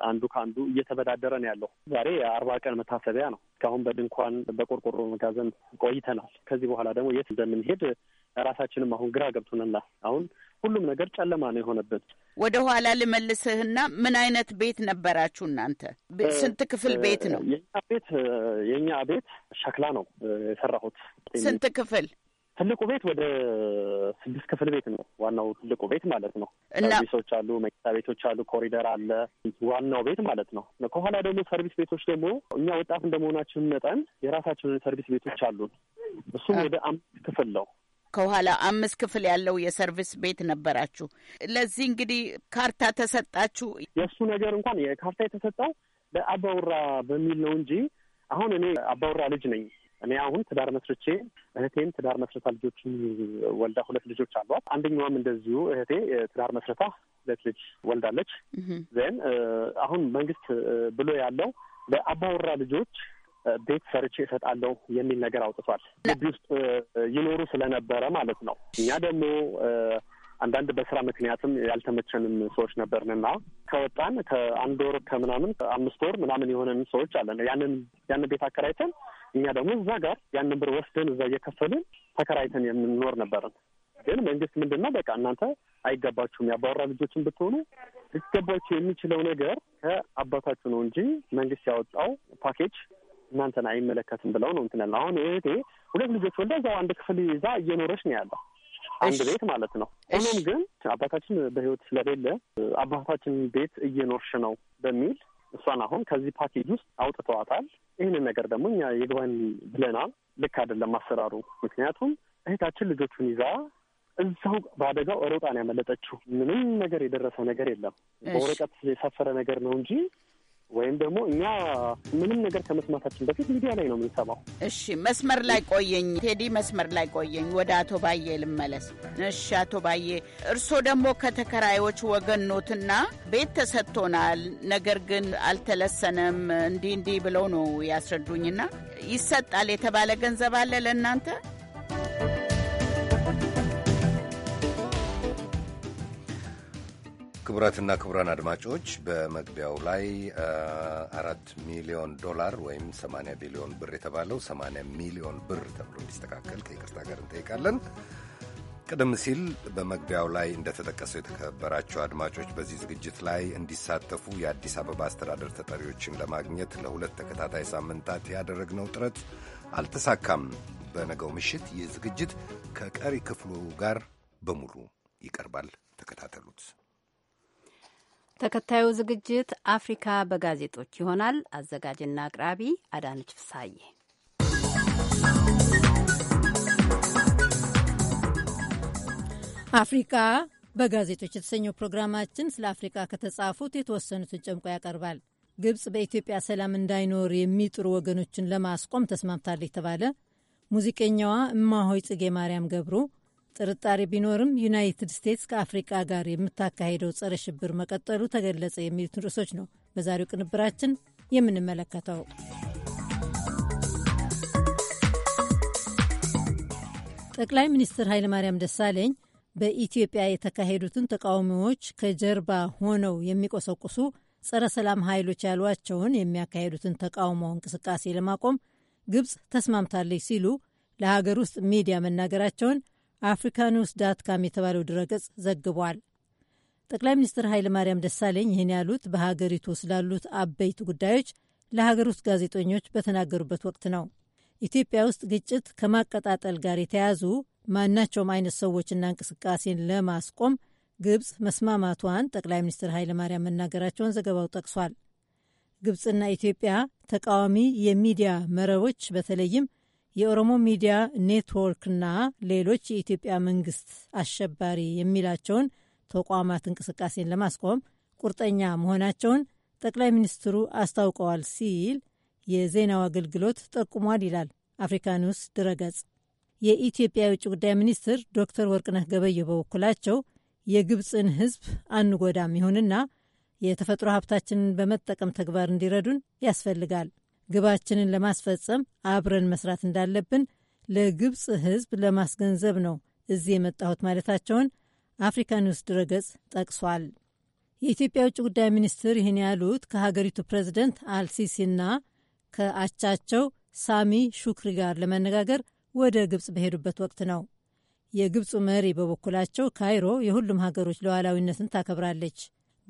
አንዱ ከአንዱ እየተበዳደረ ነው ያለው። ዛሬ የአርባ ቀን መታሰቢያ ነው። እስካሁን በድንኳን በቆርቆሮ መጋዘን ቆይተናል። ከዚህ በኋላ ደግሞ የት እንደምንሄድ ራሳችንም አሁን ግራ ገብቶናል። አሁን ሁሉም ነገር ጨለማ ነው የሆነብን። ወደ ኋላ ልመልስህና ምን አይነት ቤት ነበራችሁ እናንተ? ስንት ክፍል ቤት ነው? የኛ ቤት የኛ ቤት ሸክላ ነው የሰራሁት። ስንት ክፍል? ትልቁ ቤት ወደ ስድስት ክፍል ቤት ነው። ዋናው ትልቁ ቤት ማለት ነው። ሰርቪሶች አሉ፣ መኪታ ቤቶች አሉ፣ ኮሪደር አለ። ዋናው ቤት ማለት ነው። ከኋላ ደግሞ ሰርቪስ ቤቶች ደግሞ እኛ ወጣት እንደመሆናችን መጠን የራሳችንን ሰርቪስ ቤቶች አሉን። እሱም ወደ አምስት ክፍል ነው። ከኋላ አምስት ክፍል ያለው የሰርቪስ ቤት ነበራችሁ። ለዚህ እንግዲህ ካርታ ተሰጣችሁ። የእሱ ነገር እንኳን የካርታ የተሰጠው ለአባውራ በሚል ነው እንጂ አሁን እኔ አባውራ ልጅ ነኝ እኔ አሁን ትዳር መስርቼ እህቴም ትዳር መስረታ ልጆችም ወልዳ ሁለት ልጆች አሏት። አንደኛዋም እንደዚሁ እህቴ ትዳር መስረታ ሁለት ልጅ ወልዳለች። ዘን አሁን መንግስት ብሎ ያለው ለአባወራ ልጆች ቤት ሰርቼ እሰጣለሁ የሚል ነገር አውጥቷል። ግቢ ውስጥ ይኖሩ ስለነበረ ማለት ነው። እኛ ደግሞ አንዳንድ በስራ ምክንያትም ያልተመቸንም ሰዎች ነበርንና ከወጣን ከአንድ ወር ከምናምን አምስት ወር ምናምን የሆነን ሰዎች አለን። ያንን ያንን ቤት አከራይተን እኛ ደግሞ እዛ ጋር ያንን ብር ወስደን እዛ እየከፈልን ተከራይተን የምንኖር ነበርን። ግን መንግስት ምንድን ነው በቃ እናንተ አይገባችሁም፣ የአባወራ ልጆችን ብትሆኑ ሊገባችሁ የሚችለው ነገር ከአባታችሁ ነው እንጂ መንግስት ያወጣው ፓኬጅ እናንተን አይመለከትም ብለው ነው እንትን ያለ። አሁን እህቴ ሁለት ልጆች ወልዳ እዛው አንድ ክፍል ይዛ እየኖረች ነው ያለው አንድ ቤት ማለት ነው። ሆኖም ግን አባታችን በህይወት ስለሌለ አባታችን ቤት እየኖርሽ ነው በሚል እሷን አሁን ከዚህ ፓኬጅ ውስጥ አውጥተዋታል። ይህንን ነገር ደግሞ እኛ ይግባኝ ብለናል። ልክ አይደለም አሰራሩ። ምክንያቱም እህታችን ልጆቹን ይዛ እዛው በአደጋው ሮጣን ያመለጠችው። ምንም ነገር የደረሰ ነገር የለም። በወረቀት የሰፈረ ነገር ነው እንጂ ወይም ደግሞ እኛ ምንም ነገር ከመስማታችን በፊት ሚዲያ ላይ ነው የምንሰማው። እሺ መስመር ላይ ቆየኝ ቴዲ፣ መስመር ላይ ቆየኝ። ወደ አቶ ባዬ ልመለስ። እሺ አቶ ባዬ፣ እርስዎ ደግሞ ከተከራዮች ወገኖትና ቤት ተሰጥቶናል፣ ነገር ግን አልተለሰነም እንዲህ እንዲህ ብለው ነው ያስረዱኝና ይሰጣል የተባለ ገንዘብ አለ ለእናንተ? ክቡራትና ክቡራን አድማጮች በመግቢያው ላይ አራት ሚሊዮን ዶላር ወይም 80 ቢሊዮን ብር የተባለው 80 ሚሊዮን ብር ተብሎ እንዲስተካከል ከይቅርታ ጋር እንጠይቃለን። ቀደም ሲል በመግቢያው ላይ እንደተጠቀሰው የተከበራቸው አድማጮች በዚህ ዝግጅት ላይ እንዲሳተፉ የአዲስ አበባ አስተዳደር ተጠሪዎችን ለማግኘት ለሁለት ተከታታይ ሳምንታት ያደረግነው ጥረት አልተሳካም። በነገው ምሽት ይህ ዝግጅት ከቀሪ ክፍሉ ጋር በሙሉ ይቀርባል። ተከታተሉት። ተከታዩ ዝግጅት አፍሪካ በጋዜጦች ይሆናል። አዘጋጅና አቅራቢ አዳነች ፍሳዬ። አፍሪካ በጋዜጦች የተሰኘው ፕሮግራማችን ስለ አፍሪካ ከተጻፉት የተወሰኑትን ጨምቆ ያቀርባል። ግብፅ በኢትዮጵያ ሰላም እንዳይኖር የሚጥሩ ወገኖችን ለማስቆም ተስማምታለች ተባለ፣ ሙዚቀኛዋ እማሆይ ጽጌ ማርያም ገብሩ ጥርጣሬ ቢኖርም ዩናይትድ ስቴትስ ከአፍሪቃ ጋር የምታካሄደው ጸረ ሽብር መቀጠሉ ተገለጸ የሚሉትን ርዕሶች ነው በዛሬው ቅንብራችን የምንመለከተው። ጠቅላይ ሚኒስትር ኃይለማርያም ደሳለኝ በኢትዮጵያ የተካሄዱትን ተቃዋሚዎች ከጀርባ ሆነው የሚቆሰቁሱ ጸረ ሰላም ኃይሎች ያሏቸውን የሚያካሄዱትን ተቃውሞ እንቅስቃሴ ለማቆም ግብፅ ተስማምታለች ሲሉ ለሀገር ውስጥ ሚዲያ መናገራቸውን አፍሪካ ኒውስ ዳት ካም የተባለው ድረገጽ ዘግቧል። ጠቅላይ ሚኒስትር ኃይለ ማርያም ደሳለኝ ይህን ያሉት በሀገሪቱ ስላሉት አበይት ጉዳዮች ለሀገር ውስጥ ጋዜጠኞች በተናገሩበት ወቅት ነው። ኢትዮጵያ ውስጥ ግጭት ከማቀጣጠል ጋር የተያዙ ማናቸውም አይነት ሰዎችና እንቅስቃሴን ለማስቆም ግብፅ መስማማቷን ጠቅላይ ሚኒስትር ኃይለ ማርያም መናገራቸውን ዘገባው ጠቅሷል። ግብፅና ኢትዮጵያ ተቃዋሚ የሚዲያ መረቦች በተለይም የኦሮሞ ሚዲያ ኔትወርክና ሌሎች የኢትዮጵያ መንግስት አሸባሪ የሚላቸውን ተቋማት እንቅስቃሴን ለማስቆም ቁርጠኛ መሆናቸውን ጠቅላይ ሚኒስትሩ አስታውቀዋል ሲል የዜናው አገልግሎት ጠቁሟል ይላል አፍሪካ ኒውስ ድረገጽ። የኢትዮጵያ የውጭ ጉዳይ ሚኒስትር ዶክተር ወርቅነህ ገበየሁ በበኩላቸው የግብፅን ህዝብ አንጎዳም፣ ይሁንና የተፈጥሮ ሀብታችንን በመጠቀም ተግባር እንዲረዱን ያስፈልጋል ግባችንን ለማስፈጸም አብረን መስራት እንዳለብን ለግብፅ ህዝብ ለማስገንዘብ ነው እዚህ የመጣሁት ማለታቸውን አፍሪካ ኒውስ ድረገጽ ጠቅሷል። የኢትዮጵያ ውጭ ጉዳይ ሚኒስትር ይህን ያሉት ከሀገሪቱ ፕሬዚደንት አልሲሲና ከአቻቸው ሳሚ ሹክሪ ጋር ለመነጋገር ወደ ግብፅ በሄዱበት ወቅት ነው። የግብፁ መሪ በበኩላቸው ካይሮ የሁሉም ሀገሮች ሉዓላዊነትን ታከብራለች፣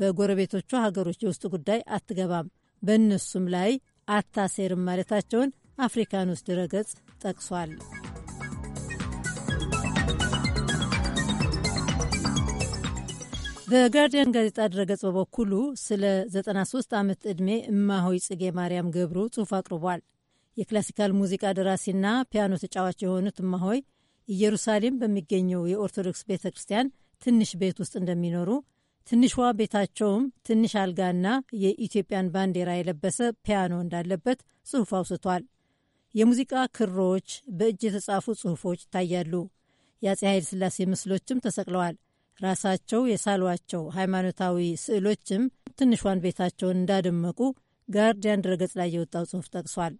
በጎረቤቶቿ ሀገሮች የውስጥ ጉዳይ አትገባም፣ በእነሱም ላይ አታሴርም ማለታቸውን አፍሪካኖስ ድረገጽ ጠቅሷል። በጋርዲያን ጋዜጣ ድረገጽ በበኩሉ ስለ 93 ዓመት ዕድሜ እማሆይ ጽጌ ማርያም ገብሩ ጽሑፍ አቅርቧል። የክላሲካል ሙዚቃ ደራሲና ፒያኖ ተጫዋች የሆኑት እማሆይ ኢየሩሳሌም በሚገኘው የኦርቶዶክስ ቤተ ክርስቲያን ትንሽ ቤት ውስጥ እንደሚኖሩ ትንሿ ቤታቸውም ትንሽ አልጋና የኢትዮጵያን ባንዲራ የለበሰ ፒያኖ እንዳለበት ጽሑፍ አውስቷል። የሙዚቃ ክሮች፣ በእጅ የተጻፉ ጽሑፎች ይታያሉ። የአጼ ኃይለ ሥላሴ ምስሎችም ተሰቅለዋል። ራሳቸው የሳሏቸው ሃይማኖታዊ ስዕሎችም ትንሿን ቤታቸውን እንዳደመቁ ጋርዲያን ድረገጽ ላይ የወጣው ጽሑፍ ጠቅሷል።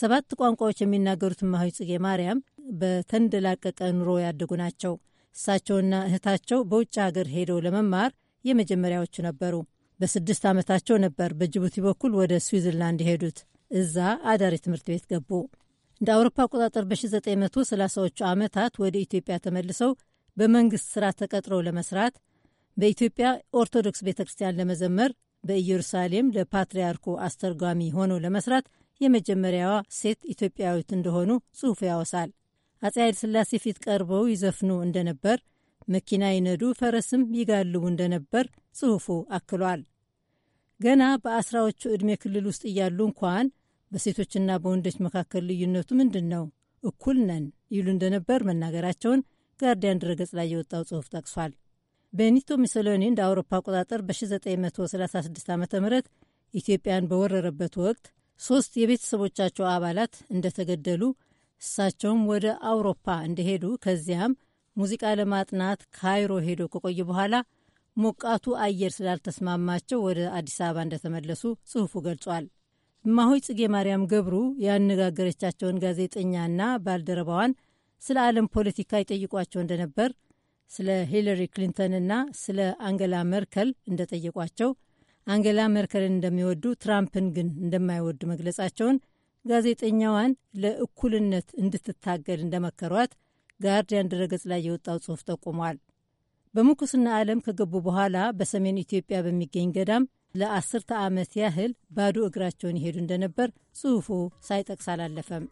ሰባት ቋንቋዎች የሚናገሩት እማሆይ ጽጌ ማርያም በተንደላቀቀ ኑሮ ያደጉ ናቸው። እሳቸውና እህታቸው በውጭ ሀገር ሄደው ለመማር የመጀመሪያዎቹ ነበሩ። በስድስት ዓመታቸው ነበር በጅቡቲ በኩል ወደ ስዊዘርላንድ የሄዱት። እዛ አዳሪ ትምህርት ቤት ገቡ። እንደ አውሮፓ አቆጣጠር በ1930ዎቹ ዓመታት ወደ ኢትዮጵያ ተመልሰው በመንግሥት ሥራ ተቀጥረው ለመስራት፣ በኢትዮጵያ ኦርቶዶክስ ቤተ ክርስቲያን ለመዘመር፣ በኢየሩሳሌም ለፓትርያርኩ አስተርጓሚ ሆነው ለመስራት የመጀመሪያዋ ሴት ኢትዮጵያዊት እንደሆኑ ጽሑፉ ያወሳል። አፄ ኃይለ ሥላሴ ፊት ቀርበው ይዘፍኑ እንደነበር፣ መኪና ይነዱ፣ ፈረስም ይጋልቡ እንደነበር ጽሑፉ አክሏል። ገና በአስራዎቹ ዕድሜ ክልል ውስጥ እያሉ እንኳን በሴቶችና በወንዶች መካከል ልዩነቱ ምንድን ነው? እኩል ነን ይሉ እንደነበር መናገራቸውን ጋርዲያን ድረገጽ ላይ የወጣው ጽሑፍ ጠቅሷል። ቤኒቶ ሙሶሊኒ እንደ አውሮፓ አቆጣጠር በ1936 ዓ ም ኢትዮጵያን በወረረበት ወቅት ሶስት የቤተሰቦቻቸው አባላት እንደተገደሉ እሳቸውም ወደ አውሮፓ እንደሄዱ ከዚያም ሙዚቃ ለማጥናት ካይሮ ሄዶ ከቆየ በኋላ ሞቃቱ አየር ስላልተስማማቸው ወደ አዲስ አበባ እንደተመለሱ ጽሑፉ ገልጿል። እማሆይ ጽጌ ማርያም ገብሩ ያነጋገረቻቸውን ጋዜጠኛና ባልደረባዋን ስለ ዓለም ፖለቲካ ይጠይቋቸው እንደነበር፣ ስለ ሂለሪ ክሊንተንና ስለ አንገላ መርከል እንደጠየቋቸው፣ አንገላ መርከልን እንደሚወዱ ትራምፕን ግን እንደማይወዱ መግለጻቸውን ጋዜጠኛዋን ለእኩልነት እንድትታገል እንደመከሯት ጋርዲያን ድረገጽ ላይ የወጣው ጽሑፍ ጠቁሟል። በምንኩስና ዓለም ከገቡ በኋላ በሰሜን ኢትዮጵያ በሚገኝ ገዳም ለአስርተ ዓመት ያህል ባዶ እግራቸውን ይሄዱ እንደነበር ጽሑፉ ሳይጠቅስ አላለፈም።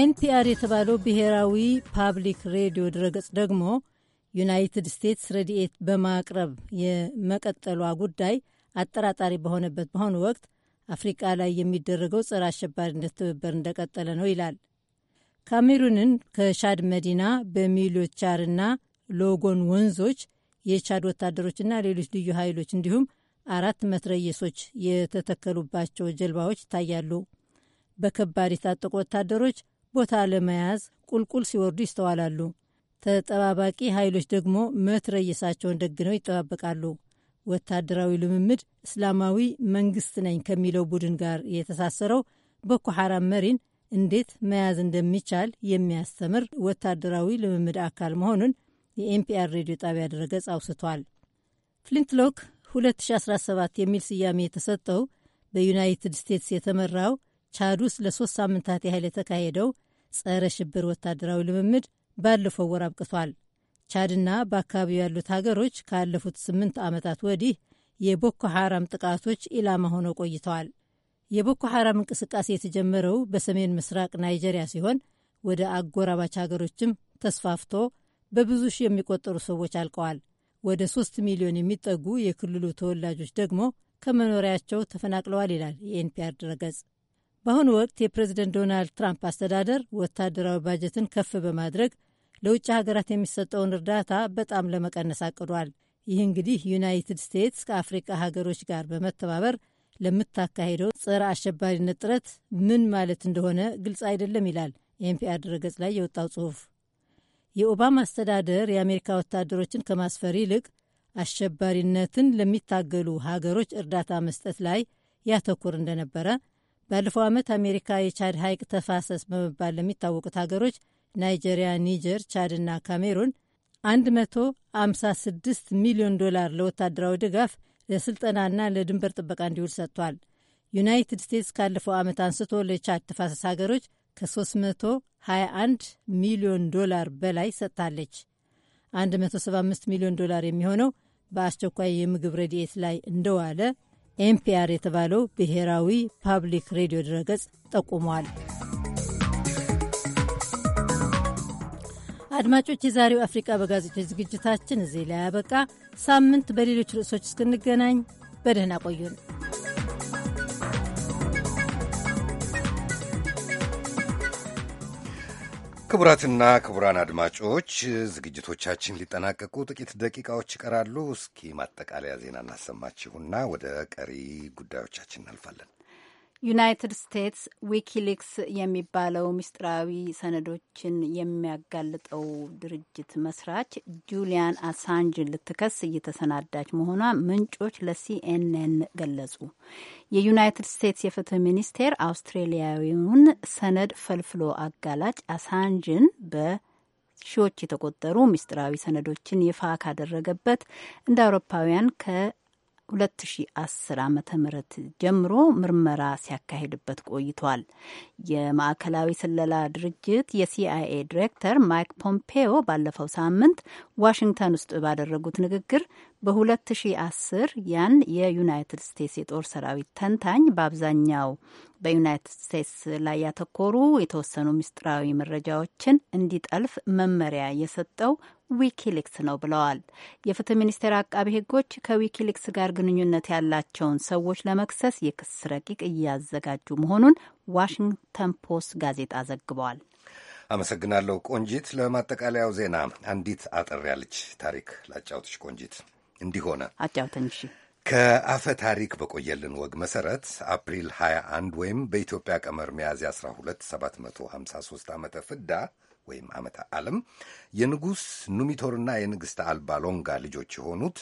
ኤንፒአር የተባለው ብሔራዊ ፓብሊክ ሬዲዮ ድረገጽ ደግሞ ዩናይትድ ስቴትስ ረድኤት በማቅረብ የመቀጠሏ ጉዳይ አጠራጣሪ በሆነበት በአሁኑ ወቅት አፍሪቃ ላይ የሚደረገው ጸረ አሸባሪነት ትብብር እንደቀጠለ ነው ይላል። ካሜሩንን ከሻድ መዲና በሚሊዮቻርና ሎጎን ወንዞች የቻድ ወታደሮችና ሌሎች ልዩ ኃይሎች እንዲሁም አራት መትረየሶች የተተከሉባቸው ጀልባዎች ይታያሉ። በከባድ የታጠቁ ወታደሮች ቦታ ለመያዝ ቁልቁል ሲወርዱ ይስተዋላሉ። ተጠባባቂ ኃይሎች ደግሞ መትረየሳቸውን ደግነው ይጠባበቃሉ። ወታደራዊ ልምምድ እስላማዊ መንግስት ነኝ ከሚለው ቡድን ጋር የተሳሰረው ቦኮ ሐራም መሪን እንዴት መያዝ እንደሚቻል የሚያስተምር ወታደራዊ ልምምድ አካል መሆኑን የኤምፒአር ሬዲዮ ጣቢያ ድረገጽ አውስቷል። ፍሊንትሎክ 2017 የሚል ስያሜ የተሰጠው በዩናይትድ ስቴትስ የተመራው ቻድ ውስጥ ለሶስት ሳምንታት ያህል የተካሄደው ጸረ ሽብር ወታደራዊ ልምምድ ባለፈው ወር አብቅቷል። ቻድና በአካባቢው ያሉት ሀገሮች ካለፉት ስምንት ዓመታት ወዲህ የቦኮ ሐራም ጥቃቶች ኢላማ ሆነው ቆይተዋል። የቦኮ ሐራም እንቅስቃሴ የተጀመረው በሰሜን ምስራቅ ናይጄሪያ ሲሆን ወደ አጎራባች ሀገሮችም ተስፋፍቶ በብዙ ሺህ የሚቆጠሩ ሰዎች አልቀዋል። ወደ ሶስት ሚሊዮን የሚጠጉ የክልሉ ተወላጆች ደግሞ ከመኖሪያቸው ተፈናቅለዋል ይላል የኤንፒአር ድረገጽ። በአሁኑ ወቅት የፕሬዝደንት ዶናልድ ትራምፕ አስተዳደር ወታደራዊ ባጀትን ከፍ በማድረግ ለውጭ ሀገራት የሚሰጠውን እርዳታ በጣም ለመቀነስ አቅዷል። ይህ እንግዲህ ዩናይትድ ስቴትስ ከአፍሪቃ ሀገሮች ጋር በመተባበር ለምታካሄደው ጸረ አሸባሪነት ጥረት ምን ማለት እንደሆነ ግልጽ አይደለም ይላል የኤንፒአር ድረገጽ ላይ የወጣው ጽሑፍ። የኦባማ አስተዳደር የአሜሪካ ወታደሮችን ከማስፈር ይልቅ አሸባሪነትን ለሚታገሉ ሀገሮች እርዳታ መስጠት ላይ ያተኩር እንደነበረ፣ ባለፈው ዓመት አሜሪካ የቻድ ሐይቅ ተፋሰስ በመባል ለሚታወቁት ሀገሮች ናይጄሪያ፣ ኒጀር፣ ቻድና ካሜሩን 156 ሚሊዮን ዶላር ለወታደራዊ ድጋፍ ለስልጠናና ለድንበር ጥበቃ እንዲውል ሰጥቷል። ዩናይትድ ስቴትስ ካለፈው ዓመት አንስቶ ለቻድ ተፋሰስ ሀገሮች ከ321 ሚሊዮን ዶላር በላይ ሰጥታለች። 175 ሚሊዮን ዶላር የሚሆነው በአስቸኳይ የምግብ ረድኤት ላይ እንደዋለ ኤምፒአር የተባለው ብሔራዊ ፓብሊክ ሬዲዮ ድረገጽ ጠቁሟል። አድማጮች፣ የዛሬው አፍሪቃ በጋዜጦች ዝግጅታችን እዚህ ላይ ያበቃ። ሳምንት በሌሎች ርዕሶች እስክንገናኝ በደህና ቆዩን። ክቡራትና ክቡራን አድማጮች ዝግጅቶቻችን ሊጠናቀቁ ጥቂት ደቂቃዎች ይቀራሉ። እስኪ ማጠቃለያ ዜና እናሰማችሁና ወደ ቀሪ ጉዳዮቻችን እናልፋለን። ዩናይትድ ስቴትስ ዊኪሊክስ የሚባለው ምስጢራዊ ሰነዶችን የሚያጋልጠው ድርጅት መስራች ጁሊያን አሳንጅ ልትከስ እየተሰናዳች መሆኗ ምንጮች ለሲኤንኤን ገለጹ። የዩናይትድ ስቴትስ የፍትህ ሚኒስቴር አውስትሬሊያዊውን ሰነድ ፈልፍሎ አጋላጭ አሳንጅን በ ሺዎች የተቆጠሩ ምስጢራዊ ሰነዶችን ይፋ ካደረገበት እንደ አውሮፓውያን ከ 2010 ዓ.ም ጀምሮ ምርመራ ሲያካሂድበት ቆይቷል። የማዕከላዊ ስለላ ድርጅት የሲአይኤ ዲሬክተር ማይክ ፖምፔዮ ባለፈው ሳምንት ዋሽንግተን ውስጥ ባደረጉት ንግግር በ2010 ያን የዩናይትድ ስቴትስ የጦር ሰራዊት ተንታኝ በአብዛኛው በዩናይትድ ስቴትስ ላይ ያተኮሩ የተወሰኑ ምስጢራዊ መረጃዎችን እንዲጠልፍ መመሪያ የሰጠው ዊኪሊክስ ነው ብለዋል። የፍትህ ሚኒስቴር አቃቤ ሕጎች ከዊኪሊክስ ጋር ግንኙነት ያላቸውን ሰዎች ለመክሰስ የክስ ረቂቅ እያዘጋጁ መሆኑን ዋሽንግተን ፖስት ጋዜጣ ዘግበዋል። አመሰግናለሁ ቆንጂት። ለማጠቃለያው ዜና አንዲት አጠር ያለች ታሪክ ላጫውትሽ ቆንጂት። እንዲሆነ አጫውተን። እሺ። ከአፈ ታሪክ በቆየልን ወግ መሰረት አፕሪል 21 ወይም በኢትዮጵያ ቀመር ሚያዝያ 12 753 ዓመተ ፍዳ ወይም ዓመተ ዓለም የንጉሥ ኑሚቶርና የንግሥት አልባ ሎንጋ ልጆች የሆኑት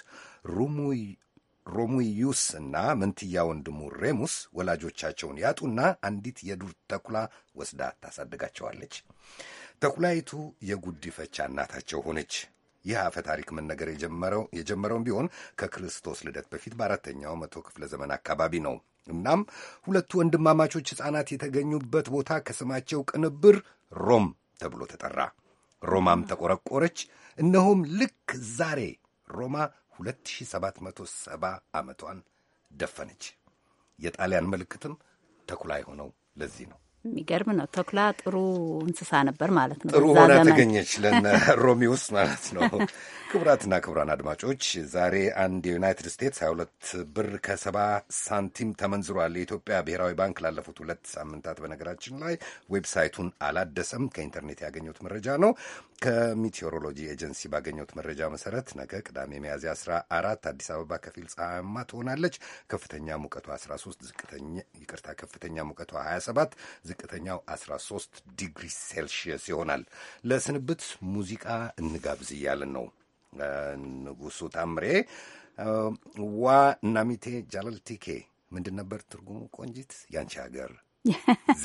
ሮሙዩስ እና መንትያ ወንድሙ ሬሙስ ወላጆቻቸውን ያጡና አንዲት የዱር ተኩላ ወስዳ ታሳድጋቸዋለች። ተኩላይቱ የጉዲፈቻ እናታቸው ሆነች። ይህ አፈ ታሪክ መነገር የጀመረውን ቢሆን ከክርስቶስ ልደት በፊት በአራተኛው መቶ ክፍለ ዘመን አካባቢ ነው። እናም ሁለቱ ወንድማማቾች ሕፃናት የተገኙበት ቦታ ከስማቸው ቅንብር ሮም ተብሎ ተጠራ። ሮማም ተቆረቆረች። እነሆም ልክ ዛሬ ሮማ 2770 ዓመቷን ደፈነች። የጣሊያን ምልክትም ተኩላ የሆነው ለዚህ ነው። የሚገርም ነው። ተኩላ ጥሩ እንስሳ ነበር ማለት ነው። ጥሩ ሆና ተገኘች ለነ ሮሚውስ ማለት ነው። ክቡራትና ክቡራን አድማጮች ዛሬ አንድ የዩናይትድ ስቴትስ 22 ብር ከሰባ ሳንቲም ተመንዝሯል። የኢትዮጵያ ብሔራዊ ባንክ ላለፉት ሁለት ሳምንታት በነገራችን ላይ ዌብሳይቱን አላደሰም። ከኢንተርኔት ያገኘሁት መረጃ ነው። ከሚቴዎሮሎጂ ኤጀንሲ ባገኘሁት መረጃ መሰረት ነገ ቅዳሜ ሚያዝያ 14 አዲስ አበባ ከፊል ፀሐያማ ትሆናለች። ከፍተኛ ሙቀቷ 13፣ ዝቅተኛ ይቅርታ፣ ከፍተኛ ሙቀቷ 27 ዝቅተኛው 13 ዲግሪ ሴልሽየስ ይሆናል። ለስንብት ሙዚቃ እንጋብዝ እያልን ነው። ንጉሱ ታምሬ ዋ ናሚቴ ጃለልቲኬ ምንድን ነበር ትርጉሙ? ቆንጂት ያንቺ ሀገር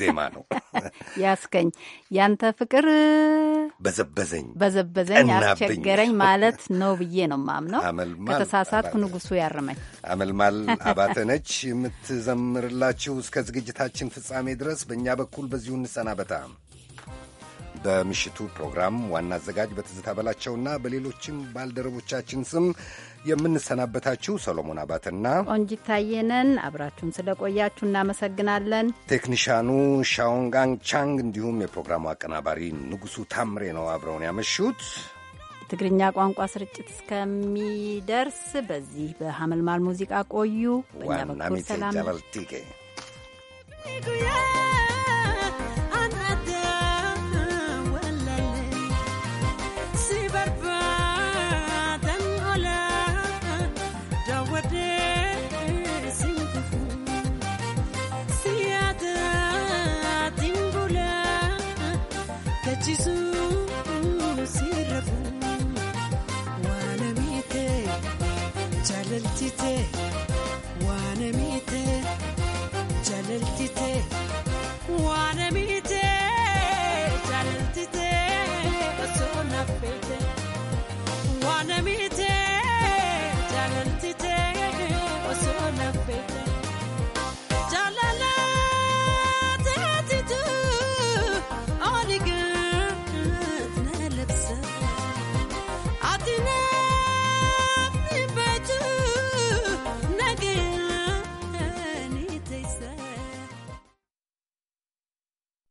ዜማ ነው ያስከኝ ያንተ ፍቅር በዘበዘኝ በዘበዘኝ አስቸገረኝ ማለት ነው ብዬ ነው ማምነው። ከተሳሳትኩ ንጉሱ ያርመኝ። አመልማል አባተ ነች የምትዘምርላችሁ። እስከ ዝግጅታችን ፍጻሜ ድረስ በእኛ በኩል በዚሁ እንሰናበታ። በምሽቱ ፕሮግራም ዋና አዘጋጅ በትዝታ በላቸውና በሌሎችም ባልደረቦቻችን ስም የምንሰናበታችሁ ሰሎሞን አባትና ቆንጂት ታየነን። አብራችሁን ስለቆያችሁ እናመሰግናለን። ቴክኒሻኑ ሻውንጋን ቻንግ እንዲሁም የፕሮግራሙ አቀናባሪ ንጉሱ ታምሬ ነው አብረውን ያመሹት። ትግርኛ ቋንቋ ስርጭት እስከሚደርስ በዚህ በሐመልማል ሙዚቃ ቆዩ። በእኛ በኩል ሰላም።